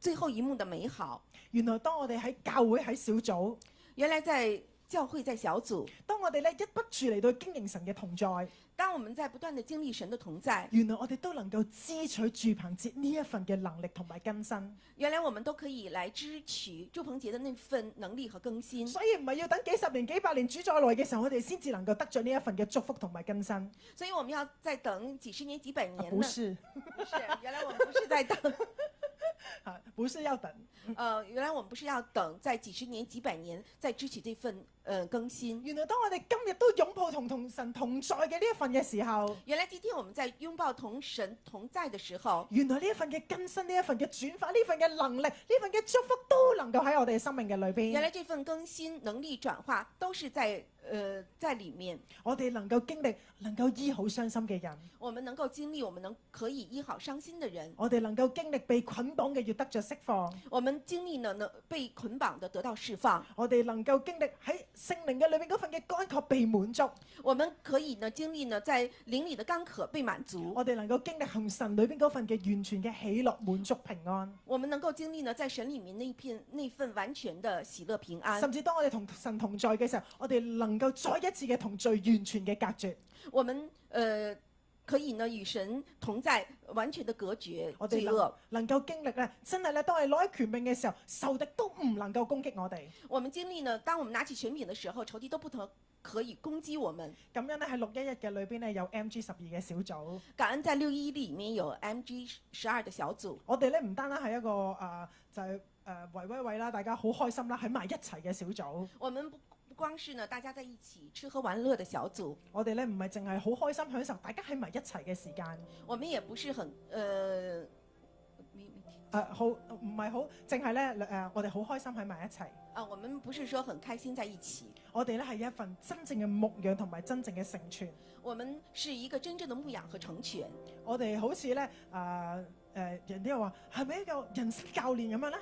最後一幕的美好。原來當我哋喺教會喺小組，原來在。教會在小組，當我哋咧一不住嚟到經營神嘅同在，當我們在不斷的經歷神嘅同在，原來我哋都能夠支取朱鵬捷呢一份嘅能力同埋更新。原來我們都可以來支取朱鵬捷嘅那份能力和更新。所以唔係要等幾十年幾百年主再嚟嘅時候，我哋先至能夠得咗呢一份嘅祝福同埋更新。所以我們要再等幾十年幾百年、啊？不是， 不是，原來我們不是在等。 啊，不是要等，原來我們不是要等，在幾十年、幾百年再支起這份、呃，更新。原來當我哋今日都擁抱同同神同在嘅呢一份嘅時候，原來今天我們在擁抱同神同在嘅時候，原來呢一份嘅更新、呢一份嘅轉發、呢份嘅能力、呢份嘅祝福都能夠喺我哋生命嘅裏邊。原來這份更新、能力轉化，都是在。呃，在裏面，我哋能夠經歷能夠醫好傷心嘅人；我們能夠經歷，我們能可以醫好傷心嘅人。我哋能夠經歷被捆綁嘅要得着釋放；我們經歷呢，呢被捆綁的得到釋放。我哋能夠經歷喺聖靈嘅裏面嗰份嘅乾渴被滿足；我們可以呢經歷呢在靈裏的乾渴被滿足。我哋能夠經歷喺神裏邊嗰份嘅完全嘅喜樂滿足平安。我們能夠經歷呢在神裏面那一片那份完全的喜樂平安。甚至當我哋同神同在嘅時候，我哋能。能夠再一次嘅同罪完全嘅隔絕，我們誒、呃、可以呢與神同在，完全嘅隔絕。我哋能夠經歷咧，真係咧，當係攞喺權柄嘅時候，仇敵都唔能夠攻擊我哋。我們經歷呢，當我們拿起權柄嘅時候，仇敵都不能可以攻擊我們。咁樣咧，喺六一一嘅裡邊咧有 M G 十二嘅小組，感恩在六一一裡面有 M G 十二嘅小組。我哋咧唔單單係一個誒就係誒圍圍圍啦，大家好開心啦，喺埋一齊嘅小組。我們。光是呢，大家在一起吃喝玩樂的小組，我哋咧唔係淨係好開心享受，大家喺埋一齊嘅時間，我們也不是很，呃，咩、呃、好，唔係好，淨係咧，誒，我哋好開心喺埋一齊，啊，我們不是說很開心在一起。我哋咧係一份真正嘅牧養同埋真正嘅成全。我們是一個真正的牧養和成全。我哋好似咧，啊、呃，誒、呃，人哋又話，係咪一個人生教練咁樣咧？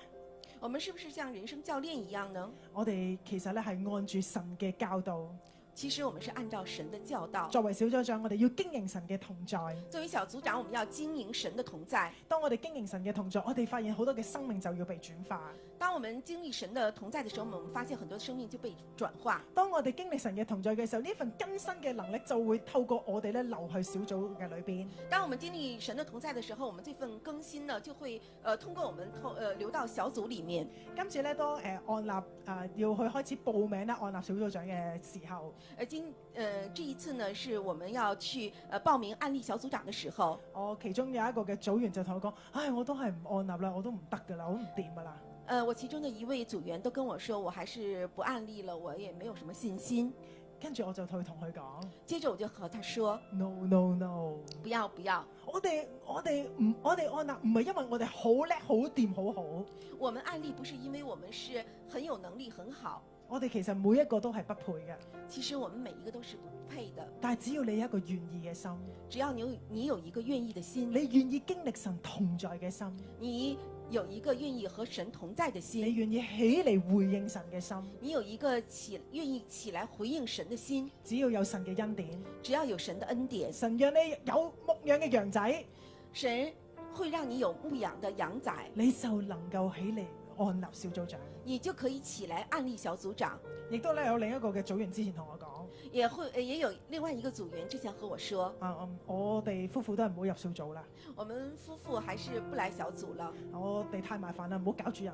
我們是不是像人生教練一樣呢？我哋其實係按住神嘅教導。其實我們是按照神的教導。作為小組長，我哋要經營神嘅同在。作為小組長，我們要經營神的同在。當我哋經營神嘅同在，我哋發現好多嘅生命就要被轉化。當我們經歷神的同在的時候，我們發現很多生命就被轉化。當我們經歷神的同在的時候，呢份更新的能力就會透過我們咧流去小組嘅裏邊。當我們經歷神的同在的時候，我們這份更新呢就會，誒、呃、通過我們，誒、呃、流到小組裏面。今次呢當誒、呃、按立啊、呃、要去開始報名咧，按立小組長嘅時候，呃今，呃這一次呢，是我們要去，誒、呃、報名按立小組長嘅時候。我其中有一個嘅組員就同我講：，唉、哎，我都係唔按立啦，我都唔得噶啦，我都唔掂噶啦。呃、uh,，我其中的一位組員都跟我說，我還是不案例了，我也沒有什麼信心。跟住我就去同佢講，接着我就和他說，no no no，不要不要。我哋我哋唔我哋唔係因為我哋好叻好掂好好。我們案例不是因為我們是很有能力很好,好。我哋其實每一個都係不配嘅。其實我們每一個都是不配的。但係只,只要你有一個願意嘅心，只要你你有一個願意的心，你願意經歷神同在嘅心，你。有一個願意和神同在的心，你願意起嚟回應神嘅心。你有一個起願意起來回應神的心，只要有神嘅恩典，只要有神的恩典，神讓你有牧羊嘅羊仔，神會讓你有牧羊的羊仔，你就能夠起嚟。案例小組長，你就可以起來案例小組長。亦都咧有另一個嘅組員之前同我講，也會誒也有另外一個組員之前和我說，啊、uh, um, 我我哋夫婦都係唔好入小組啦。我們夫婦還是不來小組了。我哋太麻煩啦，唔好搞住人。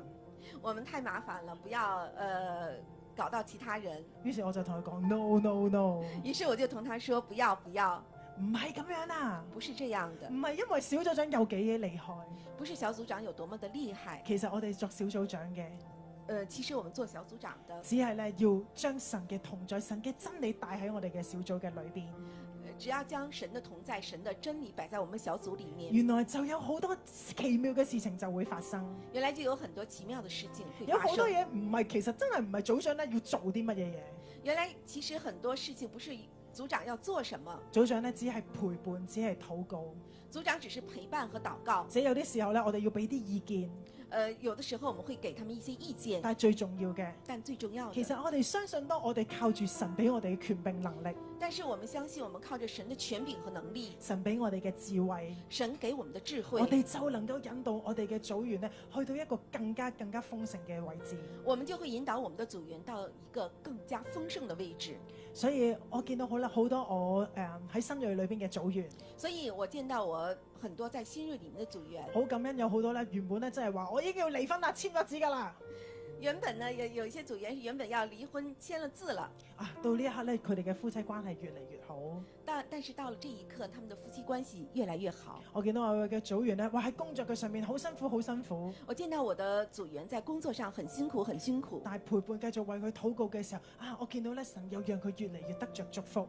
我們太麻煩了，不要誒、呃、搞到其他人。於是我就同佢講 no no no。於是我就同佢說不要不要。不要。唔係咁樣啊！不是這樣的。唔係因為小組長有幾嘢厲害。不是小組長有多麼的厲害。其實我哋做小組長嘅，誒、呃，其實我們做小組長的，只係咧要將神嘅同在、神嘅真理帶喺我哋嘅小組嘅裏邊。只要將神的同在、神的真理擺在我們小組裏面，原來就有好多奇妙嘅事情就會發生。原來就有很多奇妙的事情會發生。有好多嘢唔係，其實真係唔係組長咧要做啲乜嘢嘢。原來其實很多事情不是。組長要做什麼？組長呢，只係陪伴，只係禱告。組長只是陪伴和禱告，且有啲時候呢，我哋要俾啲意見。誒、呃，有的時候我們會給他們一些意見，但最重要嘅，但最重要。其實我哋相信，當我哋靠住神俾我哋嘅權柄能力，但是我們相信，我們靠着神的權柄和能力，神俾我哋嘅智慧，神給我們的智慧，我哋就能夠引導我哋嘅組員呢去到一個更加更加豐盛嘅位置。我們就會引導我們的組員到一個更加豐盛的位置。所以我見到好啦，好多我誒喺新瑞裏面嘅組員。所以我見到我很多在新瑞裏面嘅組員。好感恩有好多咧，原本咧即係話我已經要離婚啦，簽個字㗎啦。原本呢有有一些組員原本要離婚簽了字了啊，到呢一刻呢，佢哋嘅夫妻關係越嚟越好。但但是到了這一刻，他們的夫妻關係越來越好。我見到我嘅組員呢，哇，喺工作嘅上面好辛苦好辛苦。我見到我的組員在工作上很辛苦很辛苦，但係陪伴繼續為佢禱告嘅時候啊，我見到呢，神又讓佢越嚟越得着祝福。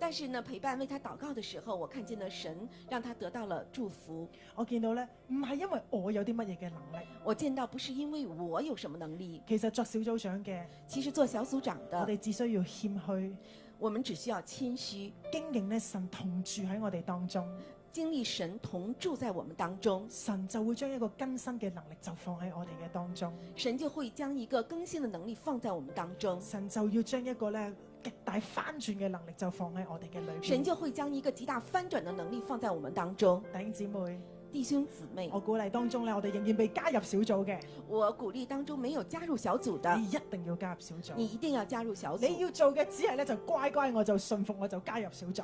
但是呢，陪伴為他禱告的時候，我看見了神讓他得到了祝福。我見到呢，唔係因為我有啲乜嘢嘅能力。我見到不是因為我有什麼能力。其實做小組長嘅，其實做小組長的，我哋只需要謙虛。我們只需要謙虛，經營呢神同住喺我哋當中，經歷神同住在我們當中，神就會將一個更新嘅能力就放喺我哋嘅當中，神就會將一個更新的能力放在我們當中，神就要將一個呢。極大翻轉嘅能力就放喺我哋嘅裏邊，神就會將一個極大翻轉嘅能力放在我們當中。弟兄姊妹，弟兄姊妹，我鼓勵當中咧，我哋仍然被加入小組嘅。我鼓勵當中沒有加入小組的，你一定要加入小組，你一定要加入小組。你要做嘅只係咧就乖乖，我就順服，我就加入小組。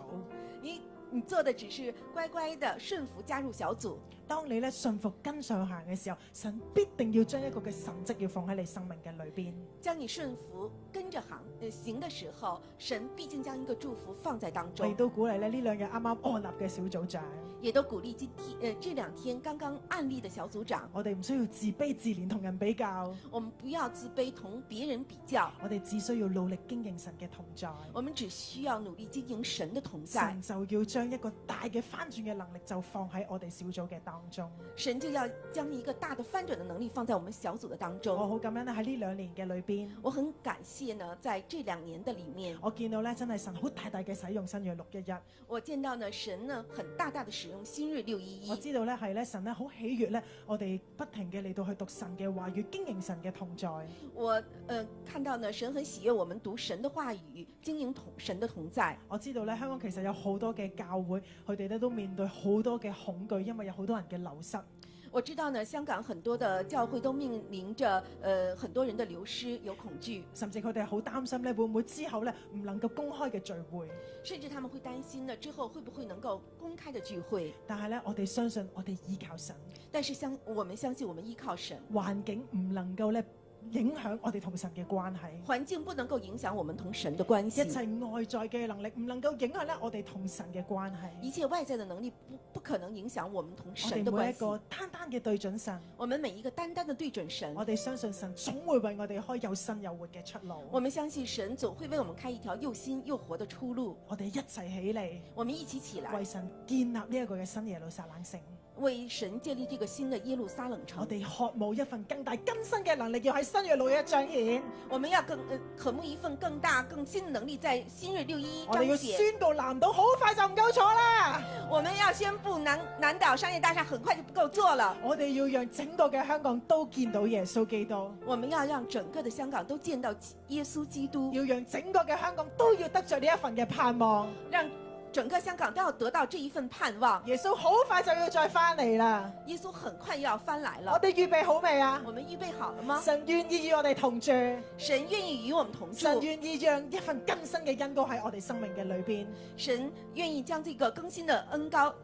你你做的只是乖乖的順服加入小組。當你咧信服跟上行嘅時候，神必定要將一個嘅神蹟要放喺你生命嘅裏邊。將你信服跟着行，呃、行嘅時候，神必定將一個祝福放在當中。亦都鼓勵咧呢兩日啱啱安立嘅小組長，亦都鼓勵今天誒這兩天剛剛案例嘅小組長。我哋唔需要自卑自憐同人比較，我們不要自卑同別人比較，我哋只需要努力經營神嘅同在。我們只需要努力經營神的同在，神就要將一個大嘅翻轉嘅能力就放喺我哋小組嘅當中。當中，神就要將一個大的翻轉的能力放在我們小組的當中。我好感恩喺呢兩年嘅裏邊，我很感謝呢，在這兩年的裏面，我見到呢真係神好大大嘅使用新約六一一。我見到呢神呢很大大的使用新約六一一。我知道呢係呢神呢好喜悅呢，我哋不停嘅嚟到去讀神嘅話語，經營神嘅同在。我，呃看到呢神很喜悅我們讀神的話語，經營同神的同在。我知道呢香港其實有好多嘅教會，佢哋呢都面對好多嘅恐懼，因為有好多人嘅流失，我知道呢。香港很多的教會都面臨着，呃很多人的流失，有恐懼，甚至佢哋好擔心呢會唔會之後呢唔能夠公開嘅聚會，甚至他們會擔心呢，之後會不會能夠公開嘅聚會？但係呢，我哋相信我哋依靠神，但是相，我們相信我們依靠神，環境唔能夠呢。影響我哋同神嘅關係，環境不能夠影響我們同神嘅關係，一切外在嘅能力唔能夠影響咧我哋同神嘅關係，一切外在嘅能力不不可能影響我們同神嘅關係。我哋每一個單單嘅對準神，我哋每一個單單嘅對準神，我哋相信神總會為我哋開有生有活嘅出路，我哋相信神總會為我們開有有我們我們一條又新又活嘅出路，我哋一齊起嚟，我哋一起起來，起起來為神建立呢一個嘅新耶路撒冷城。為神建立這個新的耶路撒冷城，我們要，我哋渴慕一份更大更新嘅能力，要喺新月六一彰顯。我們要更渴慕一份更大更新嘅能力，在新月六一彰顯。我們要宣布南島好快就唔夠坐啦，我們要宣布南南島商業大廈很快就不夠坐啦。我哋要讓整個嘅香港都見到耶穌基督。我們要讓整個的香港都見到耶穌基督。要讓整個嘅香港都要得着呢一份嘅盼望。整個香港都要得到這一份盼望。耶穌好快就要再翻嚟了。耶穌很快要翻來了。我哋預備好未啊？我們預備好了嗎？神願意與我哋同住，神願意與我們同住，神願意讓一份更新嘅恩膏喺我哋生命嘅裏邊。神願意將這個更新的恩膏。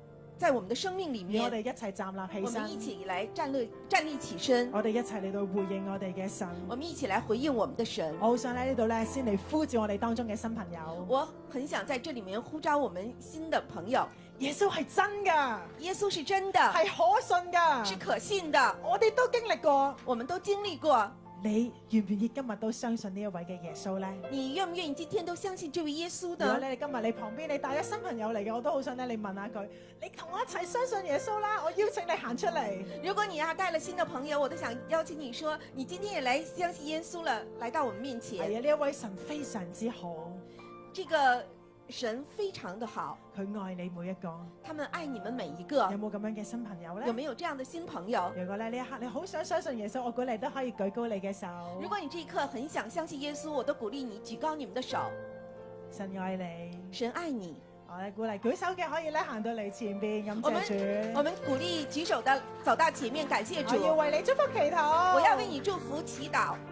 在我們的生命裡面，我們，一起站立起身。我們一起來站立，站立起身。我哋一齊嚟到回應我哋嘅神。我們一起來回應我們的神。我想咧呢度咧，先嚟呼召我哋當中嘅新朋友。我很想在這裡面呼召我們新的朋友。耶穌是真的，耶穌是真的，係可信噶，是可信的。我哋都經歷過，我們都經歷過。你願唔願意今日都相信呢一位嘅耶穌咧？你願唔願意今天都相信這位耶穌呢？如果你今日你旁邊你帶咗新朋友嚟嘅，我都好想咧，你問下佢，你同我一齊相信耶穌啦！我邀請你行出嚟。如果你啊帶了新的朋友，我都想邀請你說，你今天也嚟相信耶穌了，來到我們面前。係、哎、啊，呢一位神非常之好。這個。神非常的好，佢愛你每一個。他們愛你們每一個。有冇咁樣嘅新朋友咧？有沒有這樣的新朋友？如果咧呢一刻你好想相信耶穌，我鼓勵都可以舉高你嘅手。如果你這一刻很想相信耶穌，我都鼓勵你舉高你們的手。神愛你，神愛你。我哋鼓勵舉手嘅可以咧行到你前邊，咁我，我們鼓勵舉手的走到前面，感謝主。我要為你祝福祈禱，我要為你祝福祈禱。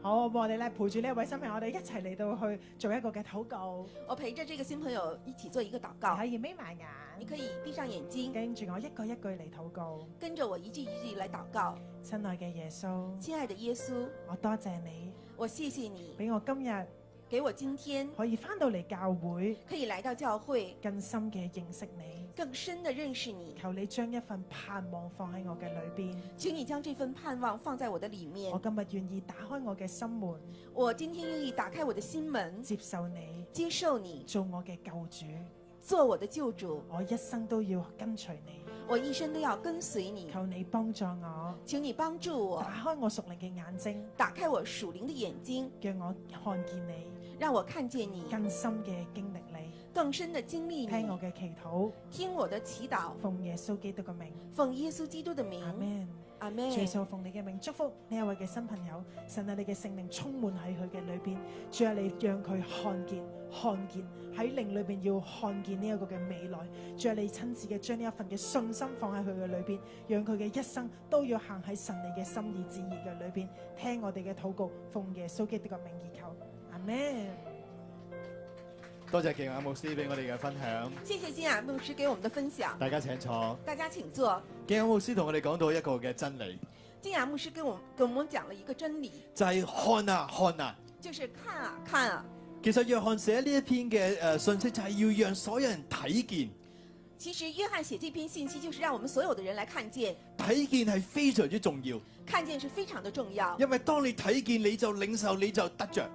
好，我哋咧陪住呢一位新朋友，我哋一齊嚟到去做一個嘅禱告。我陪着這個新朋友一起做一個禱告。可以眯埋眼，你可以閉上眼睛，跟住我一個一句嚟禱告，跟住我一句一句嚟禱告。親愛嘅耶穌，親愛的耶穌，我多謝你，我謝謝你，俾我今日。給我今天可以返到嚟教會，可以來到教會更深嘅認識你，更深的認識你。求你將一份盼望放喺我嘅裏邊，請你將這份盼望放在我的裏面。我今日願意打開我嘅心門，我今天願意打開我的心門，接受你，接受你，做我嘅救主，做我的救主。我一生都要跟隨你，我一生都要跟隨你。求你幫助我，請你幫助我，打開我屬靈嘅眼睛，打開我屬靈的眼睛，讓我看見你。讓我看見你更深嘅經歷你，更深嘅經歷你。聽我嘅祈禱，聽我的祈禱，的祈禱。奉耶穌基督嘅名，奉耶穌基督嘅名。阿門，阿門。耶穌奉你嘅名祝福每一位嘅新朋友，神啊，你嘅聖靈充滿喺佢嘅裏邊。主啊，你讓佢看見，看見喺靈裏邊要看見呢一個嘅未來。主啊，你親自嘅將呢一份嘅信心放喺佢嘅裏邊，讓佢嘅一生都要行喺神你嘅心意旨意嘅裏邊。聽我哋嘅禱告，奉耶穌基督嘅名而求。咩？多謝敬雅牧師俾我哋嘅分享。謝謝敬雅牧師給我們的分享。大家請坐。大家請坐。敬雅牧師同我哋講到一個嘅真理。敬雅牧師跟我跟我們講了一個真理，就係看啊看啊。就是看啊看啊。其實約翰寫呢一篇嘅誒信息就係要讓所有人睇見。其實約翰寫這篇信息就是讓我們所有的人來看見。睇見係非常之重要。看見是非常的重要。因為當你睇見，你就領受，你就得着。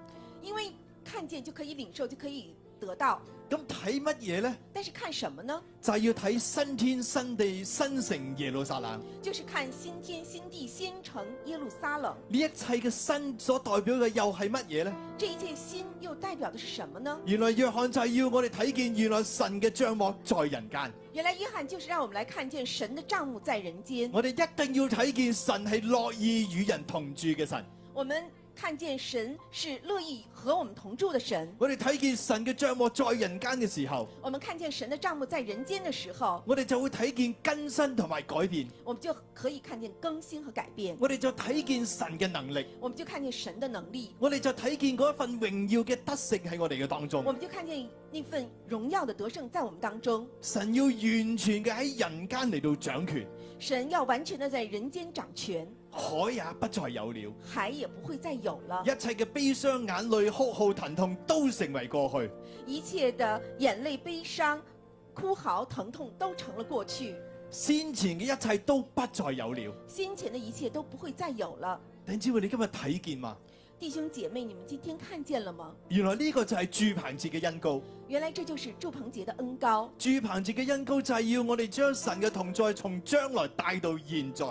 因為看見就可以領受，就可以得到。咁睇乜嘢呢？但是看什麼呢？就係要睇新天新地新城耶路撒冷。就是看新天新地新城耶路撒冷。呢一切嘅新所代表嘅又係乜嘢呢？這一切新又代表的是什麼呢？原來約翰就係要我哋睇見，原來神嘅帳幕在人間。原來約翰就是讓我們來看見神的帳幕在人間。我哋一定要睇見神係樂意與人同住嘅神。我們。看見神是樂意和我們同住的神。我哋睇見神嘅帳幕在人間嘅時候，我們看見神的帳幕在人間的時候，我哋就會睇見更新同埋改變。我們就可以看見更新和改變。我哋就睇見神嘅能力。我們就看見神的能力。我哋就睇見嗰一份榮耀嘅得勝喺我哋嘅當中。我們就看見那份榮耀的得勝在我們當中。神要完全嘅喺人間嚟到掌權。神要完全的在人間掌權。海也不再有了，海也不會再有了。一切嘅悲傷、眼淚、哭號、疼痛都成為過去。一切的眼淚、悲傷、哭嚎、疼痛都成了過去。先前嘅一切都不再有了，先前的一切都不會再有了。你今日睇見嘛？弟兄姐妹，你們今天看見了嗎？原來呢個就係住棚節嘅恩膏。原來這就是住棚節的恩膏。住棚節嘅恩膏就係要我哋將神嘅同在從將來帶到現在。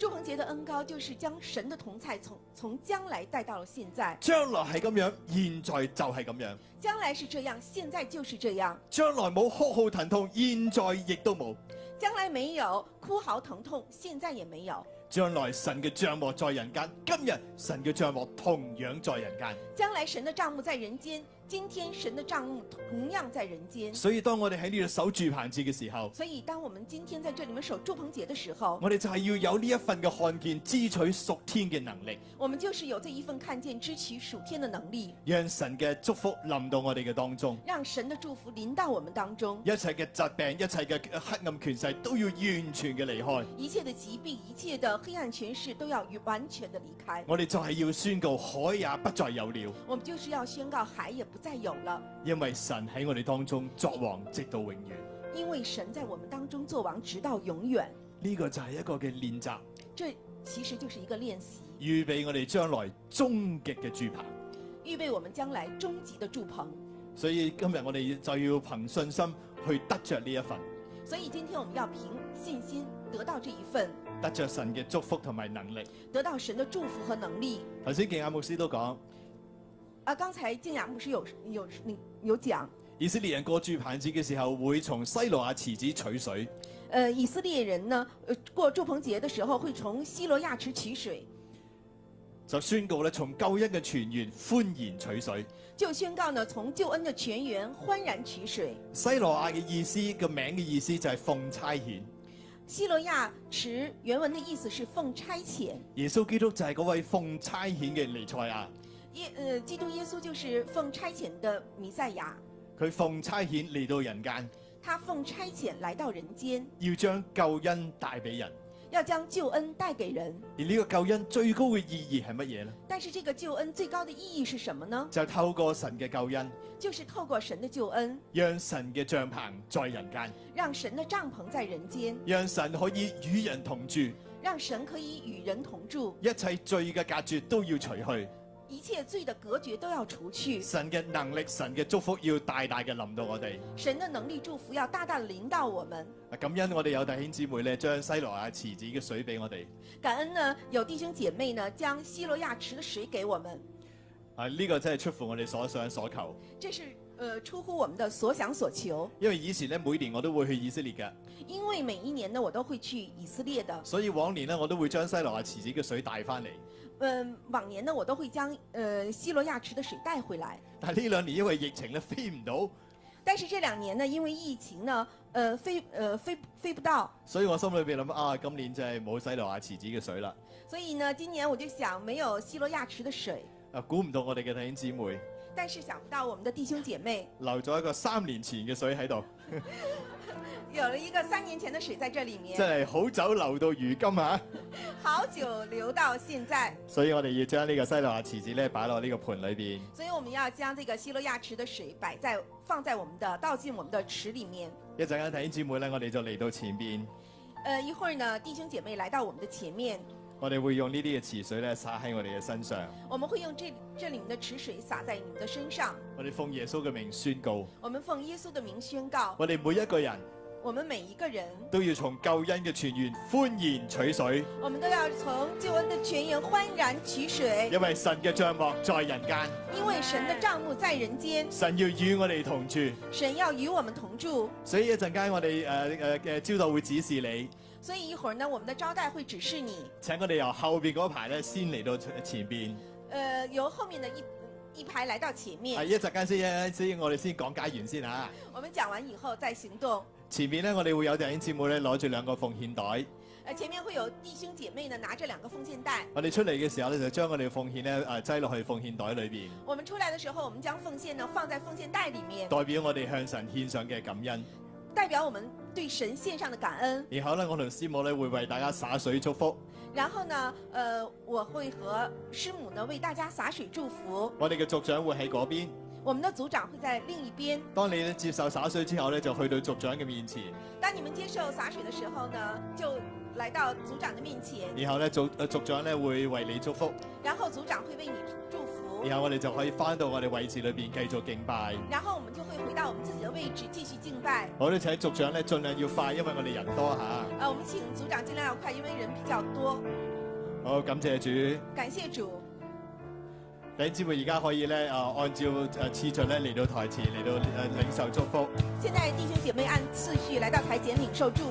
住棚節的恩膏就是將神的同在從從將來帶到了現在。將來係咁樣，現在就係咁樣。將來是這樣，現在就是這樣。將來冇哭號疼痛，現在亦都冇。將來沒有哭號疼痛，現在也沒有。將來神嘅帳幕在人間，今日神嘅帳幕同樣在人間。將來神的帳幕在人間。今天神的帳幕同樣在人間，所以當我哋喺呢度守住棚節嘅時候，所以當我們今天在這裏面守住棚節的時候，我哋就係要有呢一份嘅看見，支取屬天嘅能力。我們就是有這一份看見，支取屬天嘅能力，讓神嘅祝福臨到我哋嘅當中，讓神嘅祝福臨到我們當中，一切嘅疾病、一切嘅黑暗權勢都要完全嘅離開，一切嘅疾病、一切的黑暗權勢都要完全嘅離，離開。我哋就係要宣告海也不再有了，我們就是要宣告海也不再有了，因為神喺我哋當中作王，直到永遠。因為神在我們當中作王，直到永遠。呢、這個就係一個嘅練習。這其實就是一個練習。預備我哋將來終極嘅住棚。預備我們將來終極的住棚。所以今日我哋就要憑信心去得着呢一份。所以今天我們要憑信心得到這一份。得着神嘅祝福同埋能力。得到神的祝福和能力。頭先嘅亞牧師都講。啊！剛才靜雅牧師有有有講，以色列人過住棚子嘅時候會從西羅亞池子取水。誒、呃，以色列人呢過住棚節嘅時候會從西羅亞池取水，就宣告咧從救恩嘅泉源歡然取水，就宣告呢從救恩嘅泉源歡然取水。西羅亞嘅意思個名嘅意思就係奉差遣。西羅亞池原文嘅意思是奉差遣。耶穌基督就係嗰位奉差遣嘅彌賽亞。耶，呃，基督耶穌就是奉差遣的彌賽亞。佢奉差遣嚟到人間。他奉差遣來到人間。要將救恩帶俾人。要將救恩帶給人。而呢個救恩最高嘅意義係乜嘢呢？但是這個救恩最高嘅意義是什麼呢？就透過神嘅救恩。就是透過神嘅救恩。讓神嘅帳篷在人間。讓神嘅帳篷在人間。讓神可以與人同住。讓神可以與人同住。同住，一切罪嘅隔絕都要除去。一切罪的隔絕都要除去。神嘅能力，神嘅祝福要大大嘅臨到我哋。神的能力、祝福要大大臨到我們。啊，感恩我哋有弟兄姊妹咧，將西羅亞池子嘅水俾我哋。感恩呢，有弟兄姐妹呢，將西羅亞池嘅水給我們。啊，呢個真係出乎我哋所想所求。這是，呃，出乎我們的所想所求。因為以前呢，每年我都會去以色列㗎。因為每一年呢，我都會去以色列的。所以往年呢，我都會將西羅亞池子嘅水帶翻嚟。嗯，往年呢，我都會將，呃，西羅亞池的水帶回來。但呢兩年因為疫情咧飛唔、呃、到。但是這兩年呢，因為疫情呢，呃，飛，呃，飛飛不到。所以我心裏邊諗啊，今年就係冇西羅亞池子嘅水啦。所以呢，今年我就想沒有西羅亞池的水。啊，估唔到我哋嘅弟兄姊妹。但是想不到我們的弟兄姐妹。留咗一個三年前嘅水喺度。 有了一個三年前的水在這裏面，真係好酒留到如今啊！ 好酒留到現在， 所以我哋要將呢個西羅亞池子咧擺落呢個盆裏邊。所以我們要將這個西羅亞池的水擺在放在我們的倒進我們的池裏面。一陣間弟兄姊妹咧，我哋就嚟到前邊。呃，一會兒呢，弟兄姐妹來到我們的前面，我哋會用呢啲嘅池水咧灑喺我哋嘅身上。我們會用這這裏面的池水灑在你們的身上。我哋奉耶穌嘅名宣告。我們奉耶穌的名宣告，我哋每一個人。我們每一個人都要從救恩嘅泉源歡然取水。我們都要從救恩的泉源歡然取水。因為神嘅帳幕在人間。因為神的帳幕在人間。神要與我哋同住。神要與我們同住。所以一陣間我哋誒誒嘅招待會指示你。所以一會兒呢，我們的招待會指示你。請我哋由後邊嗰排咧先嚟到前邊。誒、呃，由後面的一一排來到前面。啊、一陣間先先，所以我哋先講解完先吓、啊。我們講完以後再行動。前面呢，我哋會有弟兄姊妹咧攞住兩個奉獻袋。誒，前面會有弟兄姐妹呢拿住兩個奉獻袋。我哋出嚟嘅時候咧，就將我哋嘅奉獻咧誒擠落去奉獻袋裏面。我們出來的時候，我們將奉獻呢放在奉獻袋裏面。代表我哋向神獻上嘅感恩。代表我們對神獻上嘅感恩。然後呢，我同師母咧會為大家灑水祝福。然後呢，誒、呃，我會和師母呢為大家灑水祝福。我哋嘅族長會喺嗰邊。我們的組長會在另一邊。當你接受灑水之後呢，就去到組長嘅面前。當你們接受灑水的時候呢，就來到組長的面前。然後呢，組、呃、組長呢會為你祝福。然後組長會為你祝福。然後我哋就可以翻到我哋位置裏邊繼續敬拜。然後我們就會回到我們自己的位置繼續敬拜。好，我都請組長呢盡量要快，因為我哋人多吓。啊、呃，我們請組長盡量要快，因為人比較多。好，感謝主。感謝主。弟兄姐妹，而家可以咧啊，按照啊次序咧嚟到台前嚟到啊領受祝福。現在弟兄姐妹按次序來到台前領受祝福。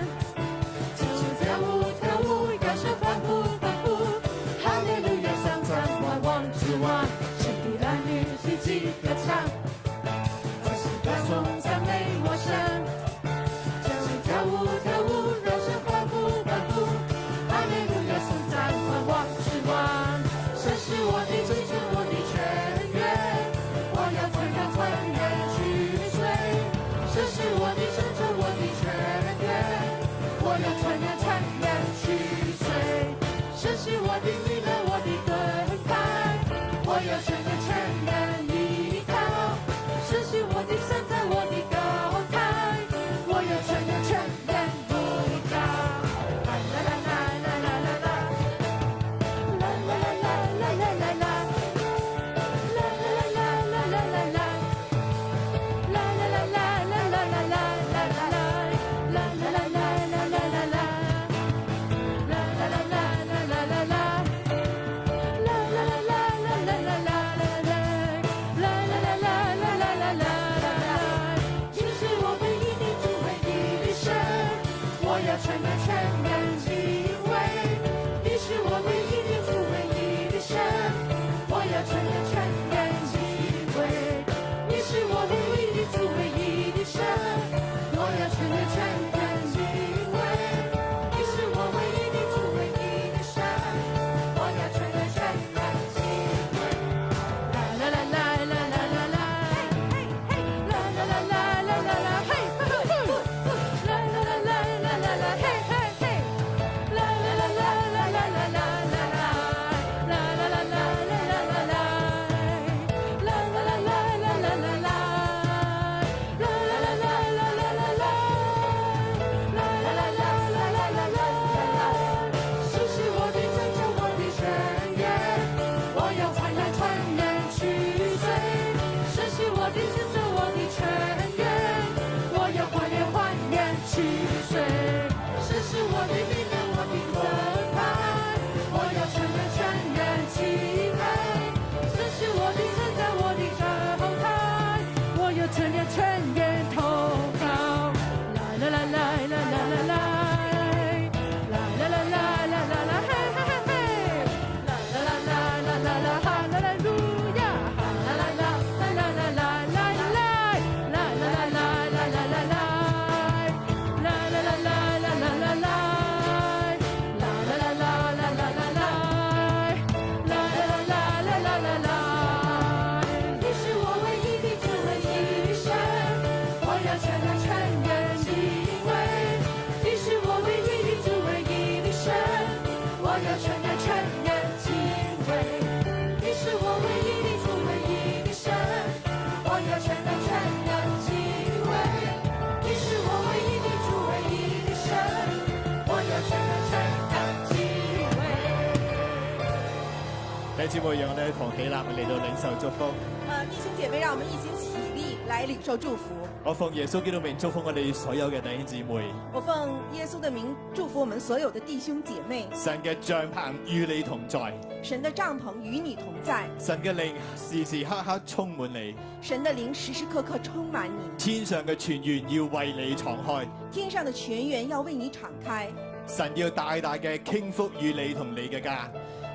我會讓咧唐起立嚟到領受祝福。啊，弟兄姐妹，讓我們一起起立來領受祝福。我奉耶穌基督名祝福我哋所有嘅弟兄姊妹。我奉耶穌的名祝福我們所有的弟兄姐妹。神嘅帳篷與你同在。神的帳篷與你同在。神嘅靈時時刻刻充滿你。神的靈時時刻刻充滿你。天上嘅泉源要為你敞開。天上的泉源要為你敞開。神要大大嘅傾福與你同你嘅家。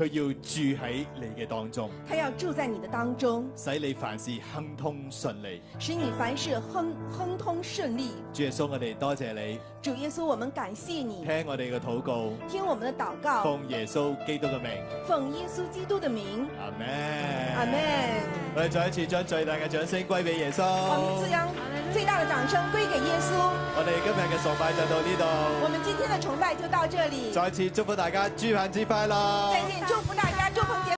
佢要住喺你嘅當中，他要住在你的當，當中，使你凡事亨通順利，使你凡事亨亨通順利。主耶穌，我哋多謝，謝你。主耶穌，我們感謝你。聽我哋嘅禱告，聽我們的禱告。奉耶穌基督嘅名，奉耶穌基督嘅名。阿門。阿門。我哋再一次將最大嘅掌聲歸俾耶穌。我們將最大的掌聲歸給耶穌。最大的掌聲歸給耶穌。我哋今日嘅崇拜就到呢度。我們今天的崇拜就到這裏。再一次祝福大家住棚節快樂。再見，祝福大家，住棚節。